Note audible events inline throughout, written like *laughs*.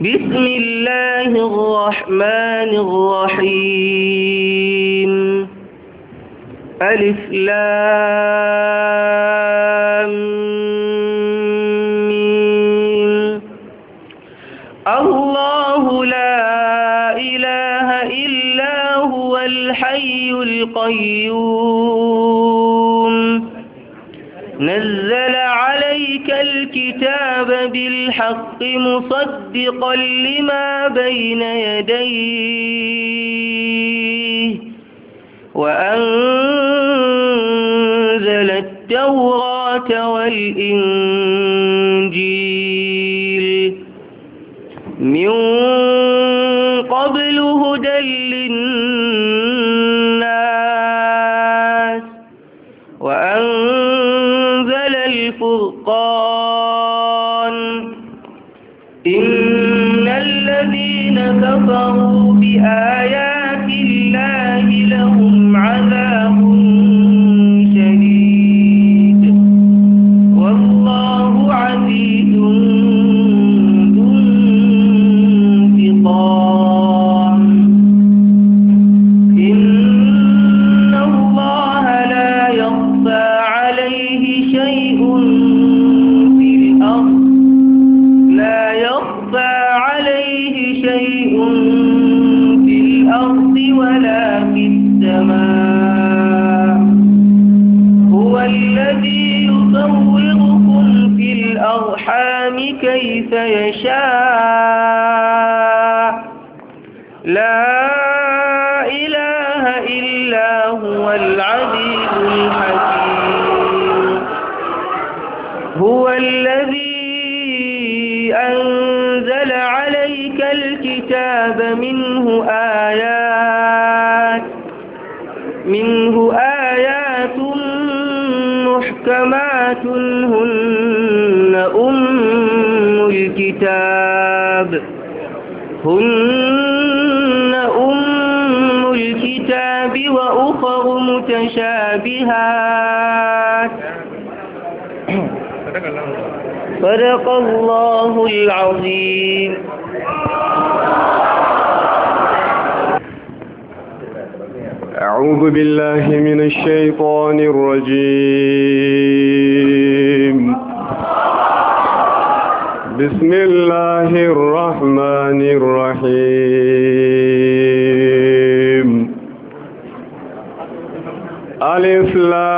بسم الله الرحمن الرحيم ألف لام ميم الله لا إله إلا هو الحي القيوم نزل عليك الكتاب بالحق الحق مصدقا لما بين يديه وأنزل التوراة والإنجيل من صدق الله العظيم أعوذ بالله من الشيطان الرجيم بسم الله الرحمن الرحيم الإسلام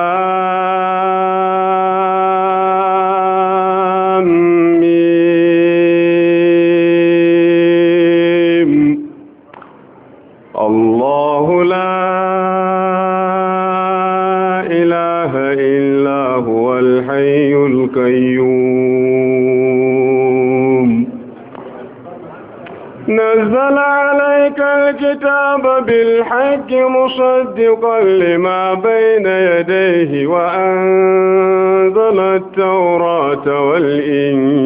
الكتاب بالحق مصدقا لما بين يديه وأنزل التوراة والإنجيل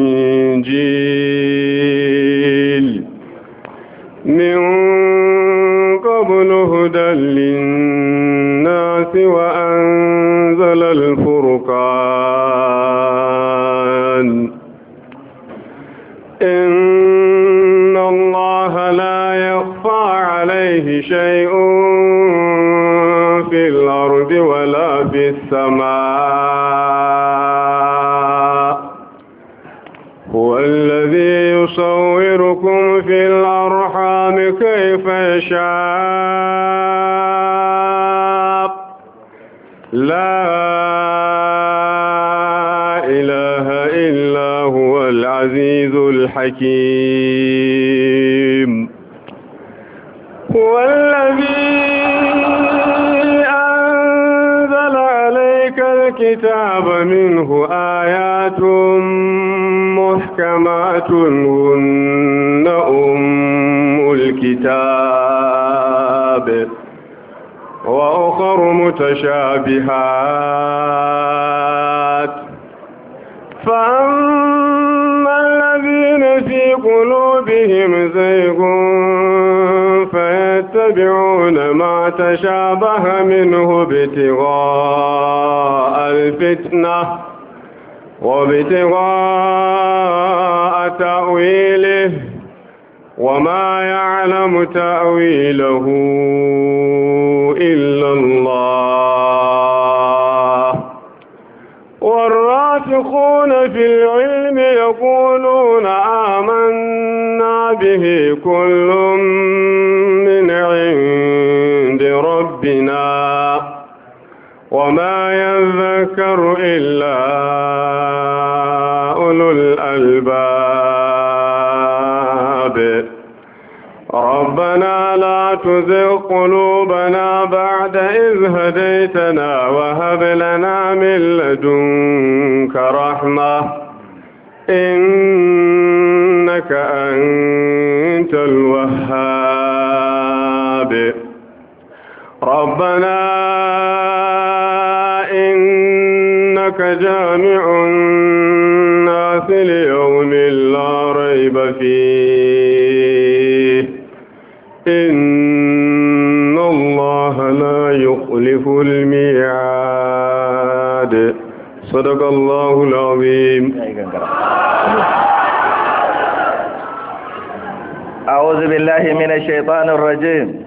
العقاب ربنا إنك جامع الناس ليوم لا ريب فيه إن الله لا يخلف الميعاد صدق الله العظيم أعوذ بالله من الشيطان الرجيم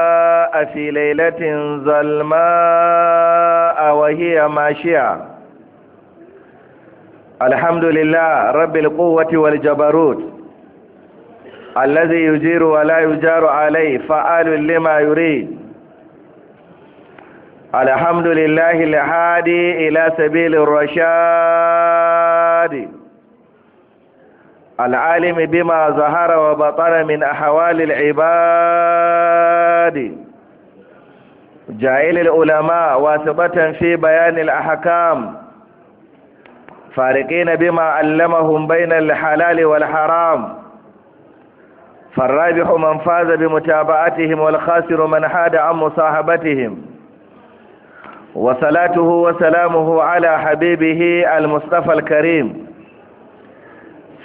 في ليلة ظلماء وهي ماشية الحمد لله رب القوة والجبروت الذي يجير ولا يجار عليه فعال لما يريد الحمد لله الهادي إلى سبيل الرشاد العالم بما ظهر وبطن من أحوال العباد jahilil ulama wasu batan fi bayanil ahakam fariƙi na bi ma allamahun bainar walharam. wal haram farrabi man faza bi mutaba'atihim wal khasiru man hada an musahabatihim wa salatuhu wa salamuhu ala habibihi al-mustafa al-karim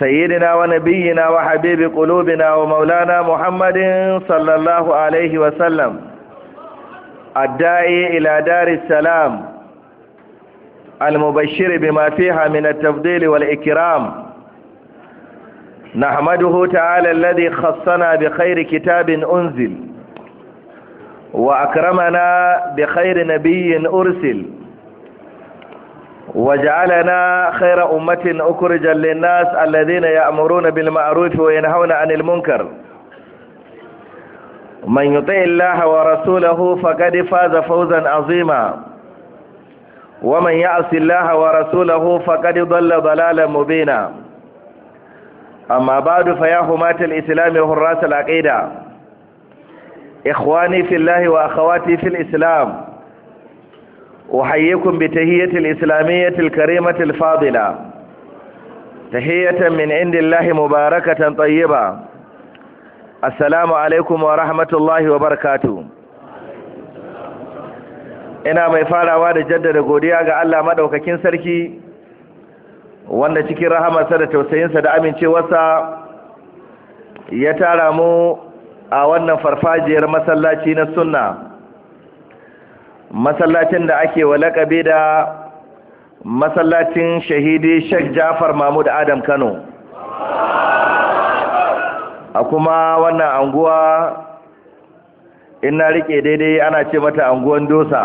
sayyidina wa nabiyyina wa habibi qulubina wa maulana muhammadin sallallahu alaihi wa sallam الداعي إلى دار السلام المبشر بما فيها من التفضيل والإكرام نحمده تعالى الذي خصنا بخير كتاب أنزل وأكرمنا بخير نبي أرسل وجعلنا خير أمة أكرجا للناس الذين يأمرون بالمعروف وينهون عن المنكر من يطع الله ورسوله فقد فاز فوزا عظيما ومن يعص الله ورسوله فقد ضل ضلالا مبينا أما بعد فيا حماة الإسلام وحراس العقيدة إخواني في الله وأخواتي في الإسلام أحييكم بتهية الإسلامية الكريمة الفاضلة تحية من عند الله مباركة طيبة assalamu alaikum wa rahmatullahi wa barakatu ina mai farawa da jaddada godiya ga Allah maɗaukakin sarki wanda cikin rahamarsa da tausayinsa da amincewarsa ya tara mu a wannan farfajiyar masallaci na sunna masallacin da ake wa lakabi da masallacin shahidi Sheikh Jafar Mahmud Adam Kano a kuma wannan anguwa in na rike daidai ana ce mata anguwan dosa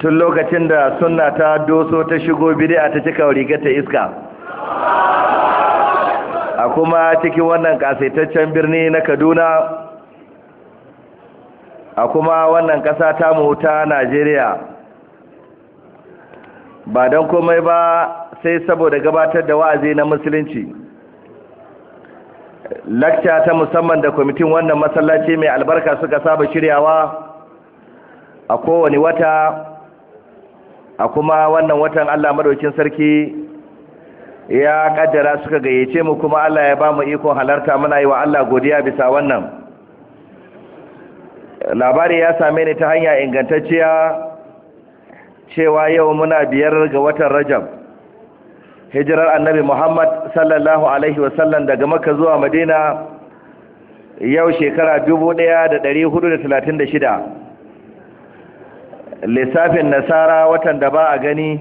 tun lokacin da suna ta doso ta shigo a ta cika riga ta iska a kuma cikin wannan kasaitaccen birni na Kaduna a kuma wannan kasa ta muta Najeriya ba don komai ba sai saboda gabatar da wa'azi na musulunci Lakca ta musamman da kwamitin wannan masallaci mai albarka suka saba shiryawa a kowane wata a kuma wannan watan Allah madaukin sarki ya kaddara suka gayyace mu kuma Allah ya ba mu ikon halarta muna yi wa Allah godiya bisa wannan labari ya same ni ta hanya ingantacciya cewa yau muna biyar ga watan Rajab hijirar annabi muhammad sallallahu alaihi wasallam daga maka zuwa madina yau shekara shida. lissafin nasara watan da ba a gani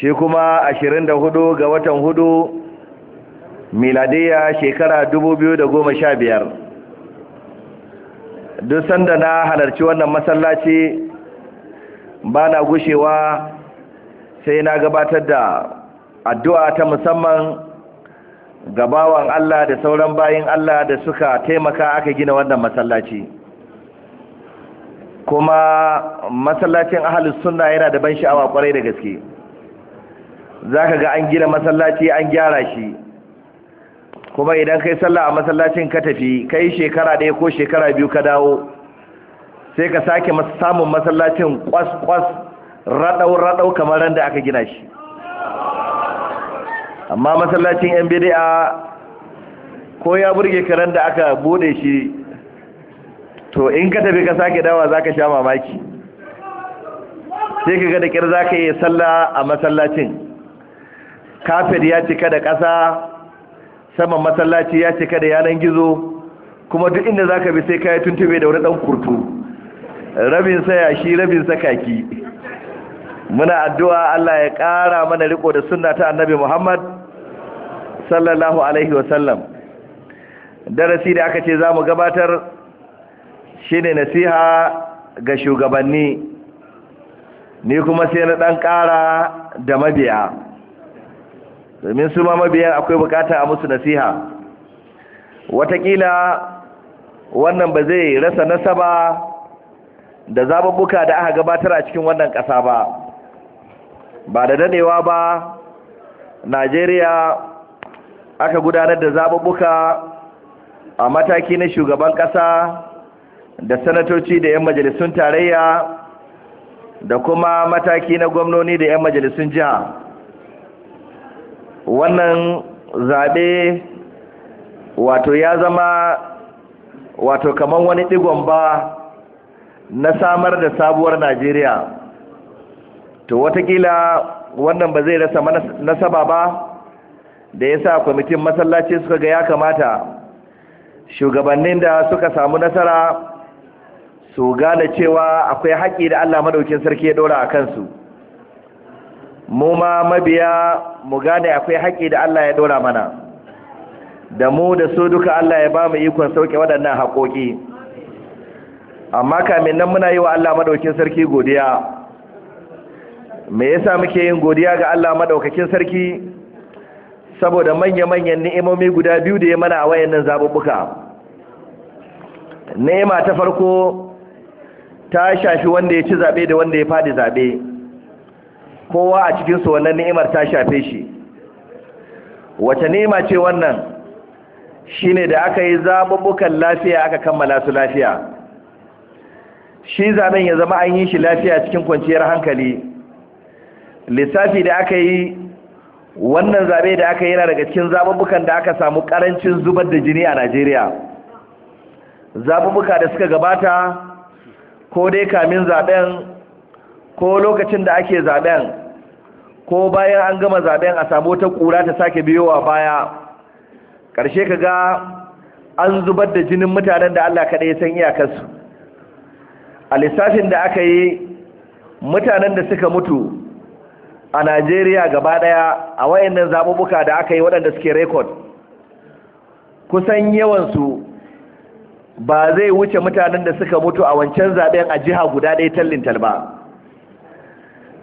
shi kuma 24 ga watan hudu miladiyya shekara sha biyar. duk sanda na halarci wannan masallaci ba na gushewa sai na gabatar da addu'a ta musamman gabawan Allah da sauran bayin Allah da suka taimaka aka gina wannan masallaci kuma masallacin ahalus sunna yana da ban sha'awa kwarai da gaske zaka ga an gina masallaci an gyara shi kuma idan kai sallah a masallacin ka tafi kai shekara ɗaya ko shekara biyu ka dawo sai ka sake samun masallacin kwas-kwas raɗau-raɗau kamar ran da aka gina shi amma masallacin yan bidi'a ko ya burge karen da aka bude shi to in ka tafi ka sake dawa za ka sha mamaki sai ka ga da ƙir za ka iya salla a masallacin kafir ya cika da ƙasa saman masallaci ya cika da yanan gizo kuma duk inda za ka bi sai ka yi tuntube da wani ɗan kurtu rabin saya shi rabin sakaki muna addu'a Allah ya ƙara mana riko da sunna ta annabi Muhammad sallallahu alaihi wasallam darasi da aka ce za mu gabatar shi ne nasiha ga shugabanni ni kuma sai na ɗan ƙara da mabiya domin su ma mabiyan akwai bukata a musu nasiha watakila wannan ba zai rasa nasaba da zababbuka da aka gabatar a cikin wannan ƙasa ba ba da danewa ba najeriya aka gudanar da zaɓuɓɓuka a mataki na shugaban ƙasa da sanatoci da 'yan majalisun tarayya da kuma mataki na gwamnoni da 'yan majalisun jiha wannan zaɓe wato ya zama wato kamar wani ɗigon ba na samar da sabuwar najeriya to watakila wannan ba zai rasa nasaba ba da ya sa kwamitin masallaci suka ga ya kamata shugabannin da suka samu nasara su gane cewa akwai haƙƙi da allah maɗaukin sarki ya ɗora a kansu mu ma mabiya mu gane akwai haƙƙi da allah ya ɗora mana da mu da su duka allah ya ba mu ikon sauke waɗannan haƙoƙi amma kamin nan muna yi wa allah maɗaukin sarki godiya me yasa muke yin godiya ga Allah madaukakin sarki saboda manya-manyan ni'imomi guda biyu da ya mana a wayannan zabubbuka ni'ima ta farko ta shafi wanda ya ci zabe da wanda ya fadi zabe kowa a cikin su wannan ni'imar ta shafe shi wace ni'ima ce wannan shine da aka yi zabubbukan lafiya aka kammala su lafiya shi zaben ya zama an yi shi lafiya cikin kwanciyar hankali lissafi da aka yi wannan zabe da aka yi yana daga cikin zaɓuɓɓukan da aka samu karancin zubar da jini a najeriya zaɓuɓɓuka da suka gabata ko dai kamin zaɓen ko lokacin da ake zaben ko bayan an gama zaben a samu wata ƙura ta sake wa baya karshe ka ga an zubar da jinin mutanen da allah kaɗai san iyakarsu a lissafin da aka yi mutanen da suka mutu a Najeriya gaba daya a wayannan zabubuka da aka yi waɗanda suke rekod kusan yawansu ba zai wuce mutanen da suka mutu a wancan zaben a jiha guda ɗaya tallintal ba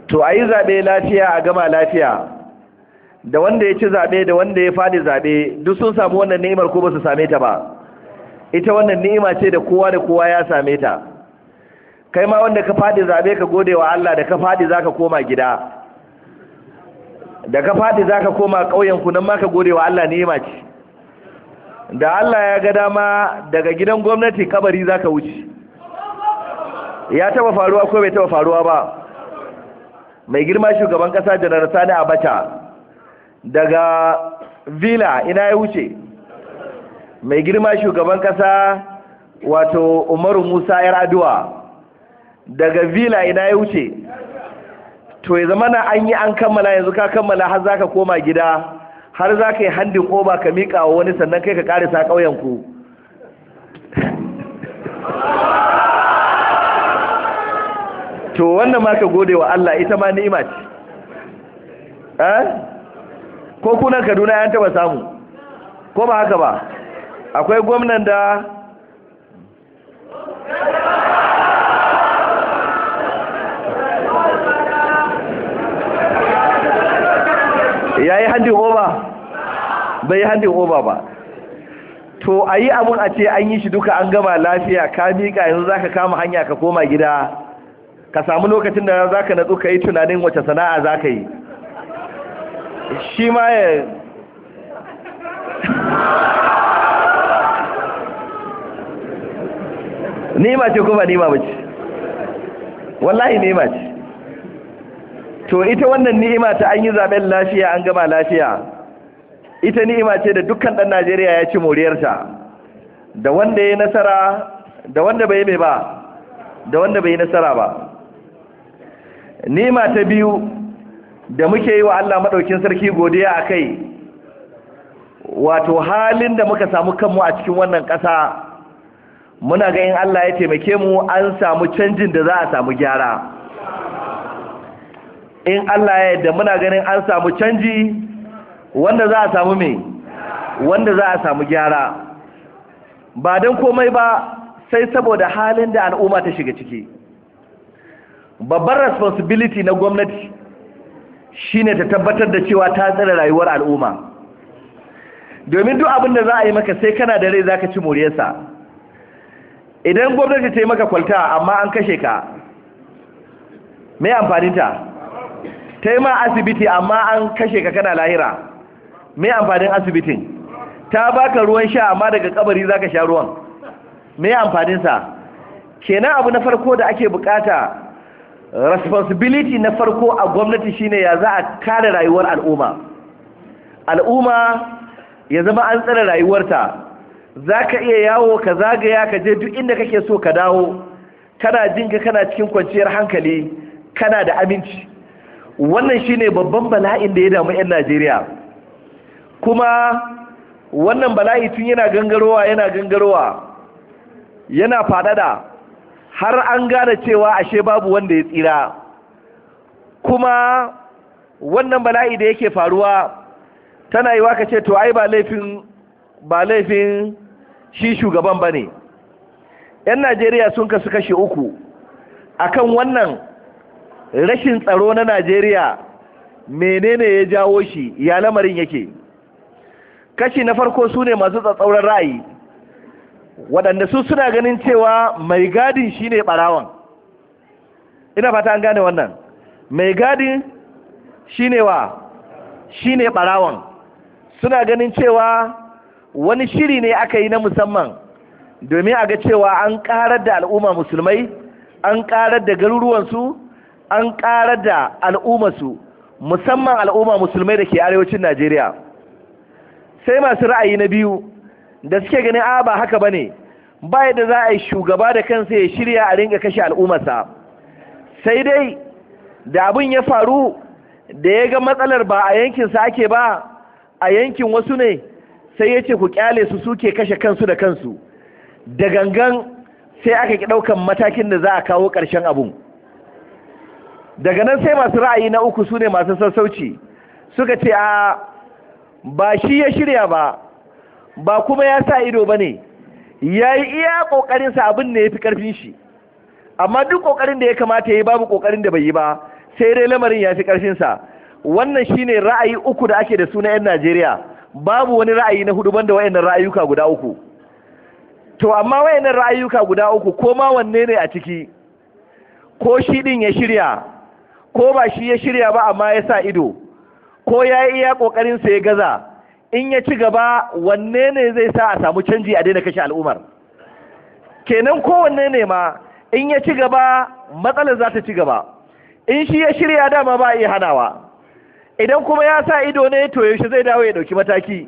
to a yi zaɓe lafiya a gama lafiya da wanda ya ci zaɓe da wanda ya faɗi zaɓe duk sun samu wannan ni'imar ko ba su same ta ba ita wannan ni'ima ce da kowa da kowa ya same ta kai ma wanda ka faɗi zaɓe ka gode wa Allah da ka faɗi za ka koma gida da ka fadi za ka koma ƙauyenku nan ma ka gode wa Allah ni'ima ce da Allah ya ga dama daga gidan gwamnati kabari za ka wuce ya taba faruwa ko bai taba faruwa ba mai girma shugaban ƙasa janar sani abacha daga vila ina ya wuce mai girma shugaban ƙasa wato umaru musa ya aduwa daga vila ina ya wuce to ya zama na an yi an kammala yanzu ka kammala har za ka koma gida har za ka yi handin ba ka miƙa wa wani sannan kai ka ƙarisa ƙauyenku *laughs* to wannan ma ka gode wa Allah ita ma ni'ima ce eh ko kunan Kaduna yan taba samu ko ba haka ba akwai gwamnan da ya yi handin oba bai yi handin oba ba to a yi abun a ce an yi shi duka an gama lafiya ka miƙa yanzu za ka kama hanya ka koma gida ka samu lokacin da za ka natsu ka yi tunanin wace sana'a za ka yi shi ma ya *laughs* nima ce kuma nima wallahi nima ce to ita wannan ni'ima ta an yi zaben lafiya an gama lafiya ita ni'ima ce da dukkan ɗan Najeriya ya ci moriyarta da wanda ya nasara da wanda bai mai ba da wanda bai nasara ba ni'ima ta biyu da muke yi wa Allah madaukin sarki godiya akai wato halin da muka samu kanmu a cikin wannan ƙasa muna ga in Allah ya taimake mu an samu canjin da za a samu gyara in Allah ya yadda muna ganin an samu canji wanda za a samu mai wanda za a samu gyara ba don komai ba sai saboda halin da al'umma ta shiga ciki babbar responsibility na gwamnati shine ta tabbatar da cewa ta tsare rayuwar al'umma domin duk abin da za a yi maka sai kana da rai za ka ci moriyarsa idan gwamnati ta yi maka kwalta amma an kashe ka mai ta ta yi ma asibiti amma an kashe ka kana lahira me amfanin asibitin ta baka ruwan sha amma daga kabari zaka sha ruwan me amfaninsa kenan abu na farko da ake bukata responsibility na farko a gwamnati shine ya za a kare rayuwar al'umma al'umma ya zama an tsare rayuwarta za ka iya yawo ka zagaya ka je duk inda kake so ka dawo kana jinka kana cikin kwanciyar hankali kana da aminci wannan shi ne babban bala'in da ya damu 'yan najeriya kuma wannan bala'i tun yana gangarowa yana gangarowa yana fadada har an gane cewa ashe babu wanda ya tsira kuma wannan bala'i da yake faruwa tana yi waka ce to ai ba laifin ba laifin shi shugaban ba ne 'yan najeriya sun kasu kashi uku akan wannan rashin tsaro na najeriya menene ya jawo shi ya lamarin yake kashi na farko su ne masu tsatsauran ra'ayi waɗanda su suna ganin cewa mai gadin shi ne ɓarawan ina fata an gane wannan mai gadin shi ne wa shi ne ɓarawan suna ganin cewa wani shiri ne aka yi na musamman domin a ga cewa an ƙarar da al'umma musulmai an ƙarar da garuruwansu an ƙarar da al'ummarsu musamman al'umma musulmai da ke arewacin najeriya sai masu ra'ayi na biyu da suke ganin a ba haka ba ne ba yadda za a yi shugaba da kansa ya shirya a ringa kashe al'ummarsa sai dai da abin ya faru da ya ga matsalar ba a yankinsa ake ba a yankin wasu ne sai ya ce ku kyale su suke kashe kansu da kansu da gangan sai aka ki ɗaukan matakin da za a kawo ƙarshen abun daga nan sai masu ra'ayi na uku su ne masu sassauci suka ce a ba shi ya shirya ba ba kuma ya sa ido ba ne ya yi iya ƙoƙarinsa abin da ya fi ƙarfin shi amma duk ƙoƙarin da ya kamata ya yi babu ƙoƙarin da bai yi ba sai dai lamarin ya fi ƙarfinsa wannan shi ne ra'ayi uku da ake da suna 'yan najeriya babu wani ra'ayi na hudu banda wayannan ra'ayuka guda uku to amma wayannan ra'ayuka guda uku ko ma wanne ne a ciki ko shi ɗin ya shirya ko ba shi ya shirya ba amma ya sa ido ko ya yi iya ƙoƙarinsa ya gaza in ya ci gaba wanne ne zai sa a samu canji a daina kashe al'umar? kenan ko wanne ne ma in ya ci gaba matsalar za ta ci gaba in shi ya shirya dama ba iya hanawa idan kuma ya sa ido ne to yaushe zai dawo ya ɗauki mataki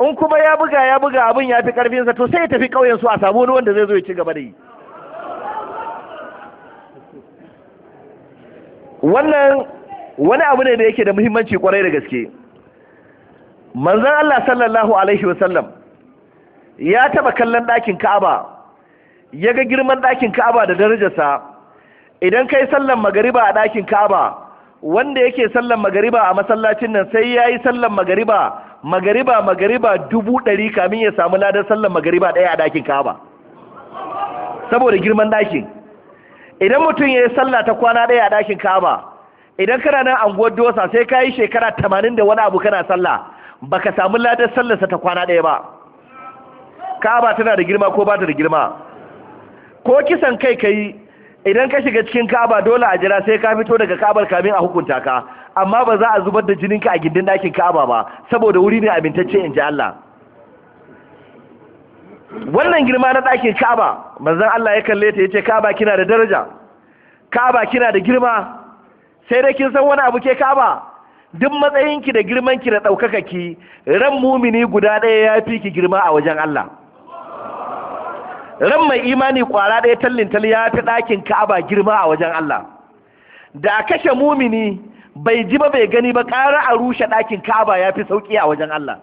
in kuma ya buga ya buga abin ya fi ƙarfinsa to sai ya tafi ƙauyen su a samu wani wanda zai zo ya ci gaba da yi wannan wani abu ne da yake da muhimmanci kwarai da gaske manzon Allah sallallahu alaihi wasallam ya taba kallon ɗakin Ka'aba ya ga girman ɗakin Ka'aba da darajarsa idan kai sallan magariba a ɗakin Ka'aba wanda yake sallan magariba a masallacin nan sai ya yi sallan magariba magariba magariba dubu ɗari kamin ya samu ladar sallan magariba ɗaya a ɗakin Ka'aba saboda girman ɗakin idan mutum ya yi sallah ta kwana ɗaya a ɗakin kaba idan kana nan anguwar dosa sai ka yi shekara tamanin da wani abu kana sallah ba ka samu ladar sallarsa ta kwana ɗaya ba kaba tana da girma ko ba ta da girma ko kisan kai ka yi idan ka shiga cikin kaba dole a jira sai ka fito daga kabar kamin a hukunta ka amma ba za a zubar da jininka a gindin ɗakin kaba ba saboda wuri ne amintacce in ji Allah wannan girma na ɗakin ka'aba manzon Allah ya kalle ta ya ce kaba kina da daraja ka'aba kina da girma sai dai kin san wani abu ke ka'aba duk matsayinki da girmanki da ɗaukaka ɗaukakaki ran mumini guda ɗaya ya fi ki girma a wajen Allah ran mai imani ƙwara ɗaya tallintal ya fi ɗakin ka'aba girma a wajen Allah da kashe mumini bai ji ba bai gani ba ƙara a rushe ɗakin ka'aba ya fi sauƙi a wajen Allah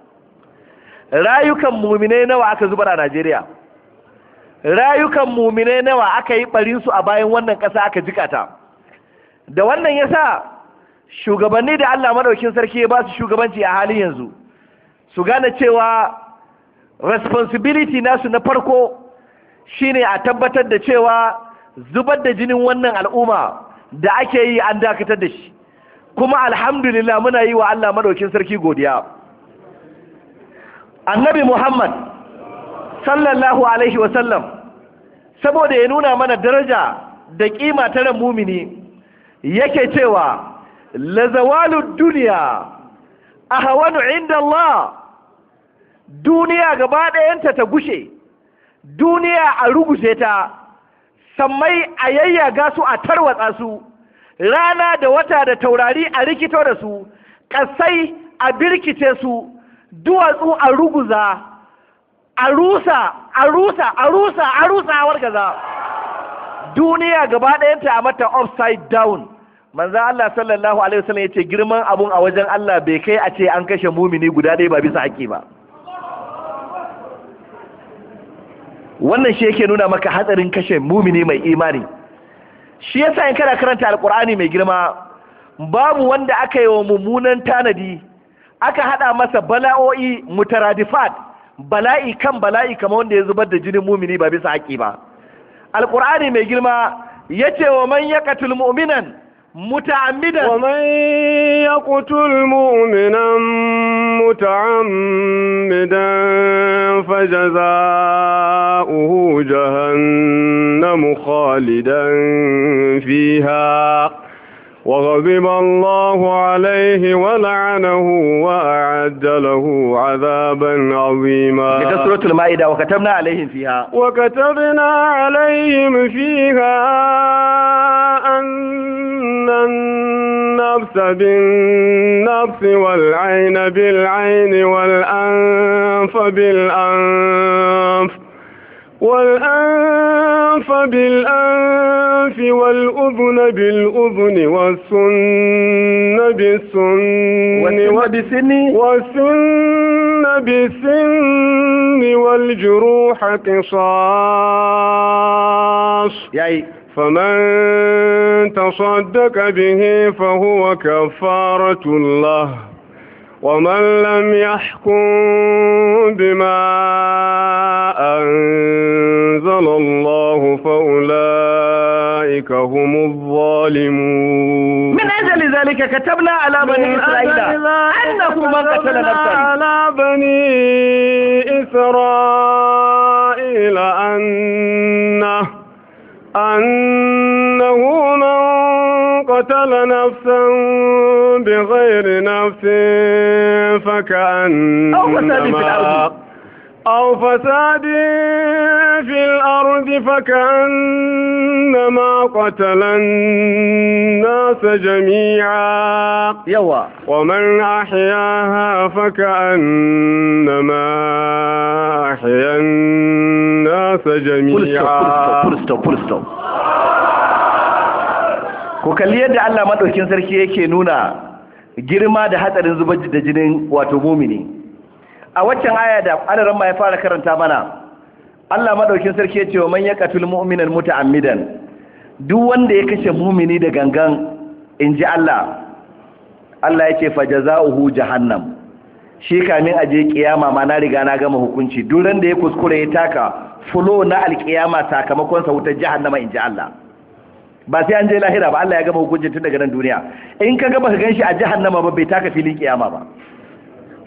rayukan mumine nawa aka zubar a Najeriya rayukan muminai nawa aka yi barin su a bayan wannan ƙasa aka jikata da wannan yasa shugabanni da Allah maɗaukin sarki ya ba su shugabanci a halin yanzu su gane cewa responsibility nasu na farko shine a tabbatar da cewa zubar da jinin wannan al'umma da ake yi an dakatar da shi kuma alhamdulillah muna yi wa Allah maɗaukin sarki godiya annabi muhammad sallallahu alaihi wasallam saboda ya nuna mana daraja da kima ta ran mumini yake cewa lazawalu duniya ahwanu inda Allah duniya gaba ɗayanta ta gushe duniya a rugushe ta sammai a yayyaga su a tarwatsa su rana da wata da taurari a rikito da su ƙasai a birkice su duwatsu a ruguza a rusa a rusa a rusa a rusa a wargaza duniya gaba ɗayanta a mata upside down manzo Allah sallallahu alaihi wasallam yace girman abun a wajen Allah bai kai a ce an kashe mumini guda ɗaya ba bisa haƙi ba wannan shi yake nuna maka hatsarin kashe mumini mai imani shi yasa in kana karanta alkur'ani mai girma babu wanda aka yi wa mummunan tanadi aka haɗa masa bala'o'i mutaradifat bala'i kan bala'i kamar wanda ya zubar da jinin mumini ba bisa haƙi ba alƙur'ani mai girma ya ce wa man ya katul mu'minan متعمدا ومن يقتل مؤمنا متعمدا فجزاؤه جهنم خالدا فيها وغضب الله عليه ولعنه وأعد له عذابا عظيما سورة المائدة وكتبنا عليهم فيها وكتبنا عليهم فيها أن النفس بالنفس والعين بالعين والأنف بالأنف والأنف بالأنف والأذن بالأذن والسن بالسن والسن والسن بالسن والجروح قصاص فمن تصدق به فهو كفارة الله ومن لم يحكم بما أنزل الله فأولئك هم الظالمون من أجل ذلك كتبنا على بني إسرائيل أنه من قتل نفسه على بني إسرائيل أنه أنه من قتل نفسا بغير نفس فكأنما أو فساد في الأرض فكأنما قتل الناس جميعا يوا ومن أحياها فكأنما أحيا الناس جميعا ku kalli yadda Allah madaukin sarki yake nuna girma da hatsarin zubar da jinin wato mumini a waccan aya da adaran ma ya fara karanta mana Allah madaukin sarki ya ce wa man yaqatul mu'minan muta'ammidan duk wanda ya kashe mumini da gangan inji Allah Allah yake ce fajaza'uhu jahannam shi kamin aje kiyama ma na riga na gama hukunci duran da ya kuskure ya taka fulo na alkiyama sakamakon sa wutar jahannama inji Allah ba sai an je lahira ba Allah ya gama hukuncin tun daga nan duniya in ka gaba ka ganshi a jahannama ba bai taka filin kiyama ba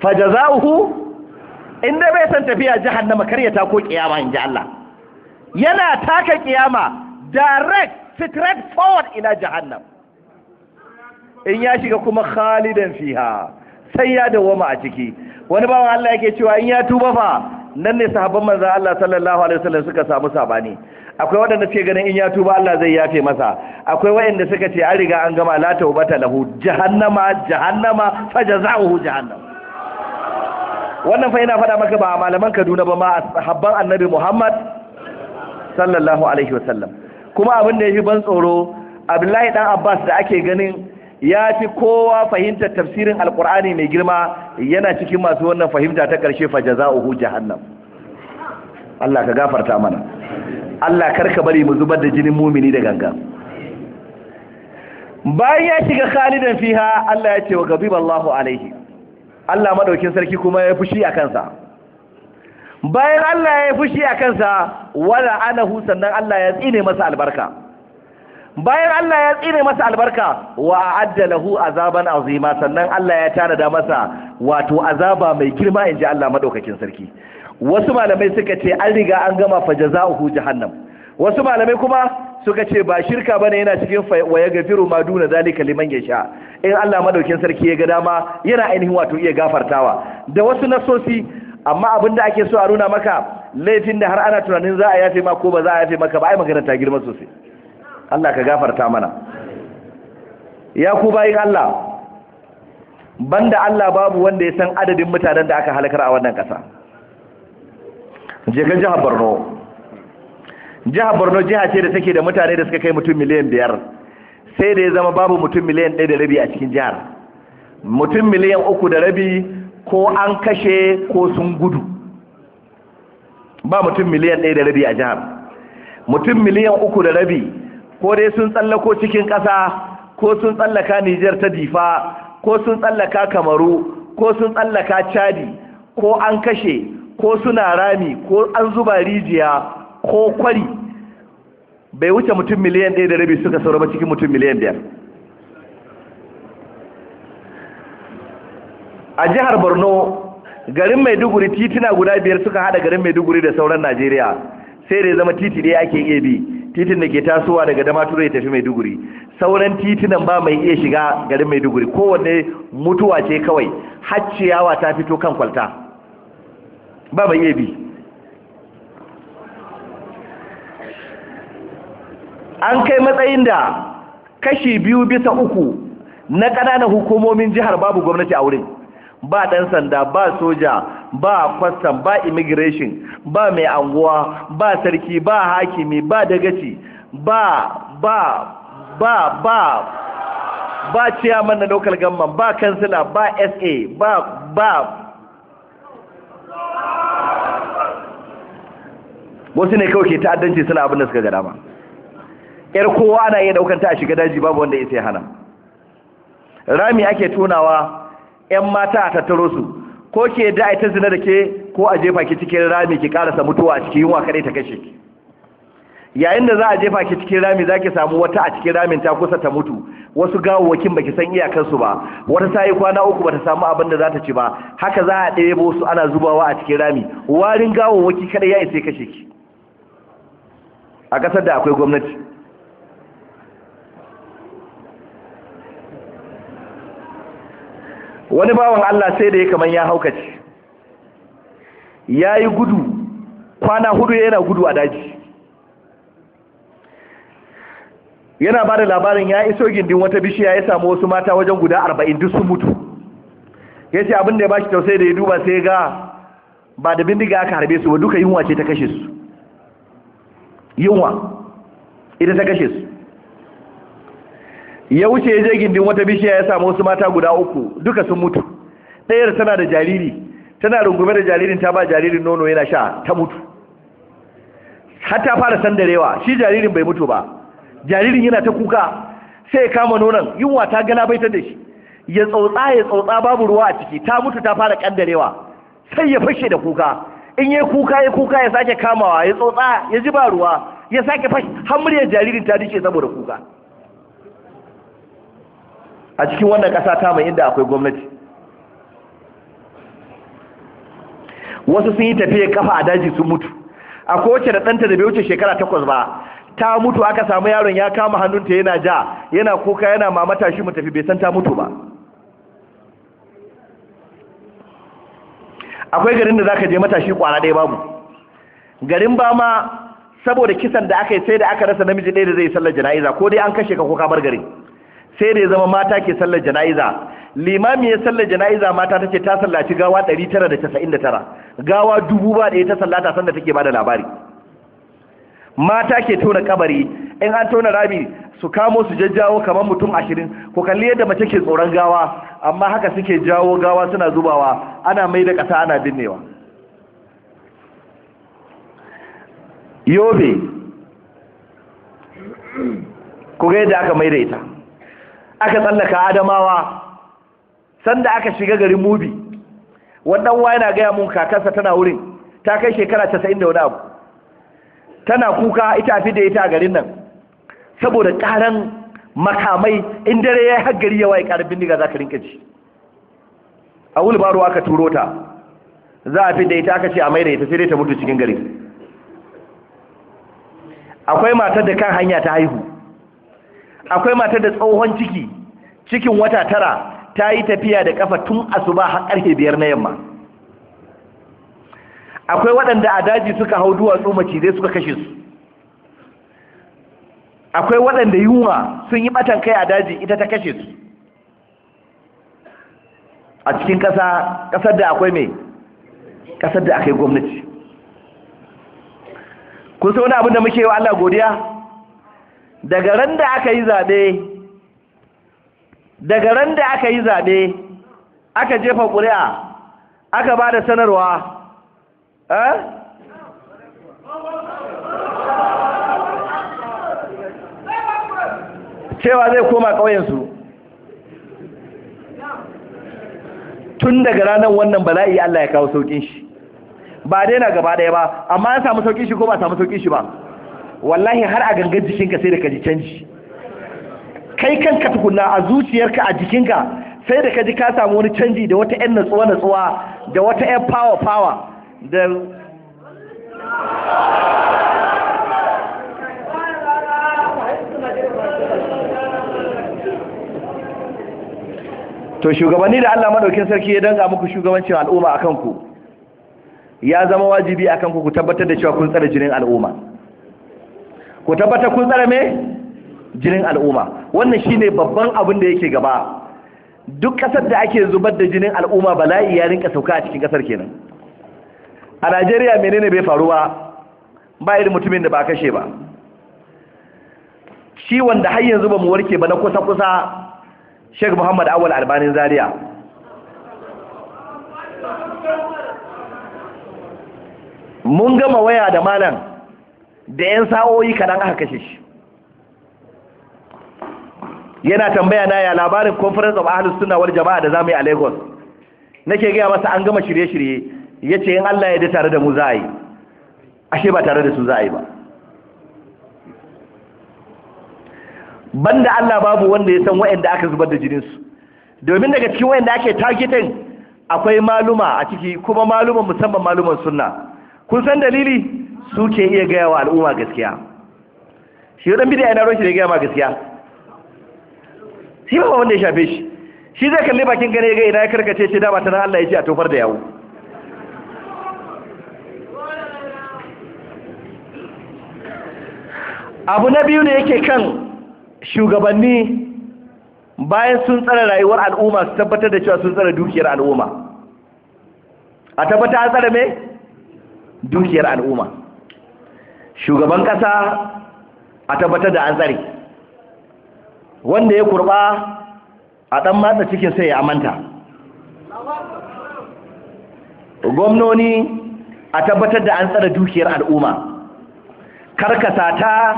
fa jazaohu inda bai san tafiya jahannama kar ya tako kiyama ji Allah yana taka kiyama direct straight forward ila jahannam in ya shiga kuma khalidan fiha sai ya wama a ciki wani bawan Allah yake cewa in ya tuba fa nan ne sahabban manzon Allah sallallahu alaihi wasallam suka samu sabani akwai waɗanda suke ganin in ya tuba Allah zai yafe masa akwai waɗanda suka ce an riga an gama la taubata lahu jahannama jahannama fa jazaohu jahannam wannan fa ina faɗa maka ba malaman Kaduna ba ma sahabban Annabi Muhammad sallallahu alaihi wasallam kuma abin da yafi ban tsoro Abdullahi dan Abbas da ake ganin ya fi kowa fahimtar tafsirin alkur'ani mai girma yana cikin masu wannan fahimta ta ƙarshe fa jaza'uhu jahannam Allah ka gafarta mana Allah karka bari mu zubar da jinin mumini da ganga bayan ya shiga khalidan fiha Allah ya ce wa gabiba Allahu alaihi Allah madaukin sarki kuma ya fushi a kansa bayan Allah ya fushi a kansa wala anahu sannan Allah ya tsine masa albarka bayan Allah ya tsine masa albarka wa a'adda lahu azaban azima sannan Allah ya tanada masa wato azaba mai girma inji Allah madaukakin sarki wasu malamai suka ce an riga an gama fa jaza'uhu jahannam wasu malamai kuma suka ce ba shirka bane yana cikin waya ga gafiru ma duna zalika ya sha. in Allah madaukin sarki ya ga dama yana ainihin wato iya gafartawa da wasu nasosi amma abin da ake so a nuna maka laifin da har ana tunanin za a yafe ma ko ba za a yafe maka ba ai magana ta girma sosai Allah ka gafarta mana ya ku bayin Allah banda Allah babu wanda ya san adadin mutanen da aka halakar a wannan kasa je ga jihar borno jihar borno jiha ce da take da mutane da suka kai mutum miliyan biyar sai da ya zama babu mutum miliyan ɗaya da rabi a cikin jihar mutum miliyan uku da rabi ko an kashe ko sun gudu ba mutum miliyan ɗaya da rabi a jihar mutum miliyan uku da rabi ko dai sun tsallako cikin ƙasa ko sun tsallaka nijar ta difa ko sun tsallaka kamaru ko sun tsallaka chadi ko an kashe ko suna rami ko an zuba rijiya ko kwari bai wuce mutum miliyan ɗaya da rabi suka sauro ba cikin mutum miliyan biyar a jihar borno garin maiduguri titina guda biyar suka hada garin maiduguri da sauran najeriya sai da zama titi ɗaya ake iya bi titin da ke tasowa daga damaturu ya tafi maiduguri sauran titinan ba mai iya shiga garin maiduguri kowanne mutuwa ce kawai har ta fito kan kwalta ba mai bi. an kai matsayin da kashi biyu bisa uku na ƙananan hukumomin jihar babu gwamnati a wurin ba ɗan sanda ba soja ba kwastam ba immigration ba mai anguwa ba sarki ba hakimi ba dagaci ba ba ba ba ba ciyaman na local government ba kansila ba sa ba ba wasu ne kawai ke ta'addanci suna abin da suka gada dama ƴar kowa ana iya daukan a shiga daji babu wanda ya sai hana rami ake tunawa yan mata a tattaro su ko ke da ai ta zina da ke ko a jefa ki cikin rami ki karasa mutuwa a cikin yunwa kadai ta kashe ki yayin da za a jefa ki cikin rami za ki samu wata a cikin ramin ta kusa ta mutu wasu gawawwakin baki san iyakansu ba wata ta kwana uku bata samu abin da za ta ci ba haka za a ɗebo su ana zubawa a cikin rami warin gawawwaki kada ya isa kashe ki a ƙasar da akwai gwamnati wani bawan Allah sai da ya kamar ya haukace ya yi gudu kwana hudu yana gudu a daji yana ba da labarin ya iso gindin wata bishiya ya samu wasu mata wajen guda arba'in duk sun mutu ya ce abinda ya ba shi tausai da ya duba sai ga ba da bindiga aka harbe su ba duka yunwa ce ta kashe su yunwa ita ta kashe su ya wuce ya je gindin wata bishiya ya samu wasu mata guda uku duka sun mutu ɗayar tana da jariri tana rungume da jaririn ta ba jaririn nono yana sha ta mutu har ta fara sandarewa shi jaririn bai mutu ba jaririn yana ta kuka sai ya kama nonon yunwa ta gana bai ta da shi ya tsautsa ya tsautsa babu ruwa a ciki ta mutu ta fara kandarewa sai ya fashe da kuka in ya kuka ya kuka ya sake kamawa ya tsotsa ya ji ba ruwa ya sake fashi har jaririn ta dace saboda kuka a cikin wannan ƙasa ta mai inda akwai gwamnati wasu sun yi tafiye kafa a daji sun mutu a kowace da ɗanta da bai wuce shekara takwas ba ta mutu aka samu yaron ya kama hannunta yana ja yana kuka yana mamata shi mu tafi bai san ta mutu ba akwai garin da zaka je matashi kwana ɗaya babu garin ba ma saboda kisan da aka yi sai da aka rasa namiji ɗaya da zai sallar jana'iza ko dai an kashe ka ko ka bar garin sai da ya zama mata ke sallar jana'iza limami ya sallar jana'iza mata ta ce ta sallaci gawa tara da casa'in 999 gawa dubu ba ɗaya ta sallata sanda take ba da labari mata ke tona kabari in an tona rami su kamo su jajjawo kamar mutum ashirin ko kalli yadda mace ke tsoron gawa amma haka suke jawo gawa suna zubawa ana mai da ƙasa ana binnewa yobe ku ga yadda aka mai da ita aka tsallaka adamawa sanda aka shiga garin mubi wannan wa yana gaya mun kakarsa tana wurin ta kai shekara casa'in da wani abu tana kuka ita fi da ita a garin nan saboda ƙaran makamai in dare ya haggari yawa ya ƙari bindiga za ka rinka ci a wulbaro aka turo ta za a fi da ita aka ce a maida ita sai dai ta mutu cikin gari akwai matar da kan hanya ta haihu akwai matar da tsohon ciki cikin wata tara ta yi tafiya da kafa tun asuba har karfe biyar na yamma akwai waɗanda a daji suka hau duwatsu macizai suka kashe su akwai waɗanda yunwa sun yi ɓatan kai a daji ita ta kashe su a cikin ƙasa ƙasar da akwai mai ƙasar da akwai gwamnati kun sai wani abin da muke yi wa Allah godiya daga ran da aka yi zaɓe daga ran da aka yi zaɓe aka jefa ƙuri'a aka ba da sanarwa eh? cewa zai koma ƙauyensu tun daga ranar wannan bala'i Allah ya kawo saukin shi ba daina gaba ɗaya ba amma ya samu saukin shi ko ba samu saukin shi ba wallahi har a gangan jikinka sai da ka ji canji kai kanka tukunna a zuciyarka a jikinka sai da ka ji ka samu wani canji da wata 'yan natsuwa-natsuwa da wata 'yan power-power da to shugabanni da Allah madaukin sarki ya danga muku shugabancin al'umma akan ku ya zama wajibi akan ku ku tabbatar da cewa kun tsare jinin al'umma ku tabbatar kun tsare me jinin al'umma wannan shine babban abin da yake gaba duk kasar da ake zubar da jinin al'umma bala'i ya rinka sauka a cikin kasar kenan a Najeriya menene bai faru ba irin mutumin da ba kashe ba ciwon da har yanzu ba mu warke ba na kusa-kusa Sheikh Muhammad Awal Albanin Zaria mun gama waya da malam da 'yan sa'o'i kaɗan aka kashe shi yana tambaya na ya labarin conference of ahlus sunna wal jama'a da zamu yi a Lagos nake gaya masa an gama shirye-shirye ya ce in Allah ya tare da mu za a yi ashe ba tare da su za yi ba banda Allah babu wanda ya san wa'anda aka zubar da jininsu domin daga cikin wa'anda ake targetin akwai maluma a ciki kuma maluma musamman maluman sunna kun san dalili su ke iya gaya wa al'umma gaskiya shi dan bid'a yana roshi da gaya ma gaskiya shi ba wanda ya shafe shi shi zai kalli bakin gane ga ina ya karkace ce dama ta nan Allah ya ce a tofar da yawo abu na biyu ne yake kan shugabanni bayan sun tsara rayuwar al'umma su tabbatar da cewa sun tsara dukiyar al'umma a tabbata an tsara me dukiyar al'umma shugaban ƙasa a tabbatar da an tsare wanda ya kurba a ɗan matsa cikin sai ya amanta gwamnoni a tabbatar da an tsara dukiyar al'umma karkasa sata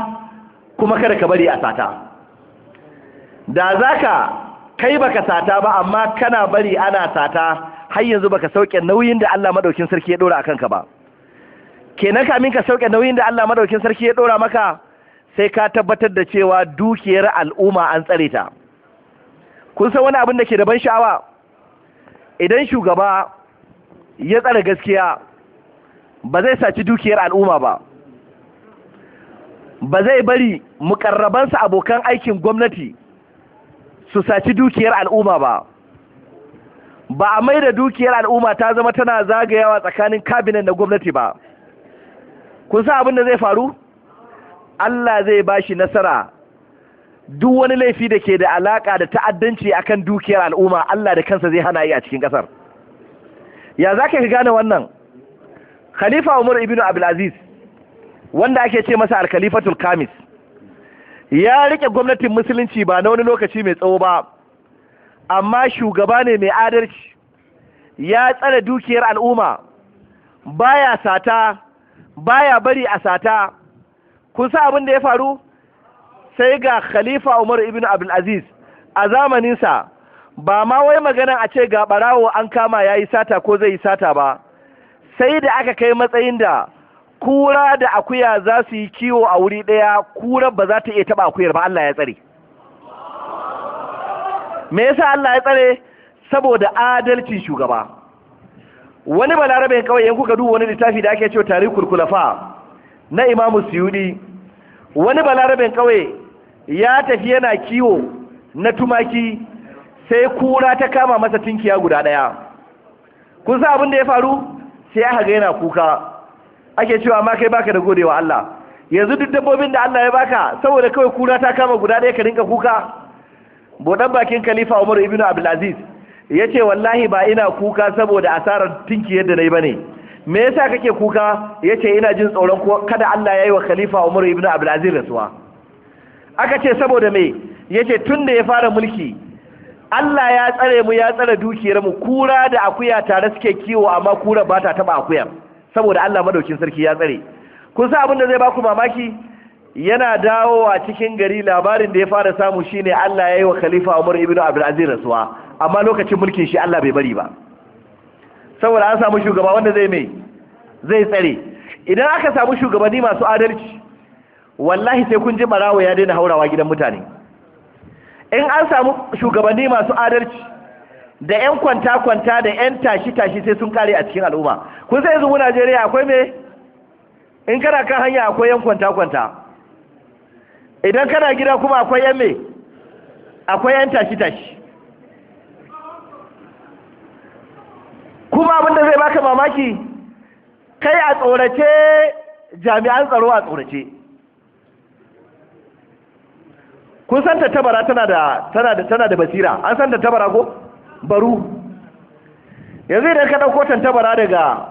kuma kada ka bari a sata da za ka kai baka sata ba amma kana bari ana sata har yanzu baka sauke nauyin da Allah madaukin sarki ya dora a kanka ba kenan kamin ka sauke nauyin da Allah madaukin sarki ya dora maka sai ka tabbatar da cewa dukiyar al'umma an tsare ta kun san wani abin da ke da ban sha'awa idan shugaba ya tsare gaskiya ba zai saci dukiyar al'umma ba ba zai bari mukarrabansa abokan aikin gwamnati su saci dukiyar al'umma ba ba a mai da dukiyar al'umma ta zama tana zagayawa tsakanin kabinan da gwamnati ba kun sa abin da zai faru Allah zai ba shi nasara duk wani laifi da ke da alaka da ta'addanci akan dukiyar al'umma Allah da kansa zai hana yi a cikin ƙasar. ya za ka gane wannan khalifa umar ibn abdulaziz wanda ake ce masa al-khalifatul kamis ya rike gwamnatin musulunci ba na wani lokaci mai tsawo ba amma shugaba ne mai adalci ya tsare dukiyar al'umma baya sata baya bari a sata kun sa abin da ya faru sai ga khalifa umar ibn aziz a zamaninsa ba ma wai magana a ce ga barawo an kama ya yi sata ko zai yi sata ba sai da aka kai matsayin da kura da akuya za su yi kiwo a wuri ɗaya kura ba za ta iya taɓa akuyar ba Allah ya tsare me yasa Allah ya tsare saboda adalcin shugaba wani balarabe kawai yan kuka duba wani littafi da ake cewa tarikul kulafa na imamu suyudi wani balarabe kawai ya tafi yana kiwo na tumaki sai kura ta kama masa tinkiya guda ɗaya kun sa abin da ya faru sai ya haga yana kuka ake cewa ma kai baka da godewa Allah yanzu duk dabbobin da Allah ya baka saboda kawai kura ta kama guda ɗaya ka rinka kuka bodan bakin khalifa Umar ibn Abdul Aziz yace wallahi ba ina kuka saboda asarar tinki yadda nayi bane me yasa kake kuka yace ina jin tsoron kada Allah yayi wa khalifa Umar ibn Abdul Aziz rasuwa aka ce saboda me yace tun da ya fara mulki Allah ya tsare mu ya tsare dukiyar mu kura da akuya tare suke kiwo amma kura ba ta taba akuyar saboda Allah madaukin sarki ya tsare kun san abin da zai ba ku mamaki yana dawowa cikin gari labarin da ya fara samu shine Allah ya yi wa khalifa Umar ibn Abdul Aziz rasuwa amma lokacin mulkin shi Allah bai bari ba saboda an samu shugaba wanda zai mai zai tsare idan aka samu shugabanni masu adalci wallahi sai kun ji barawo ya daina haurawa gidan mutane in an samu shugabanni masu adalci da yan kwanta kwanta da yan tashi tashi sai sun kare a cikin al'umma kun sai yanzu Najeriya akwai mai in kana kan hanya akwai yan kwanta kwanta idan kana gida kuma akwai yan mai akwai yan tashi tashi kuma abin da zai baka mamaki kai a tsorace jami'an tsaro a tsorace kun san tattabara tana da tana da basira an san tattabara ko baru yanzu idan ka ɗauko tantabara daga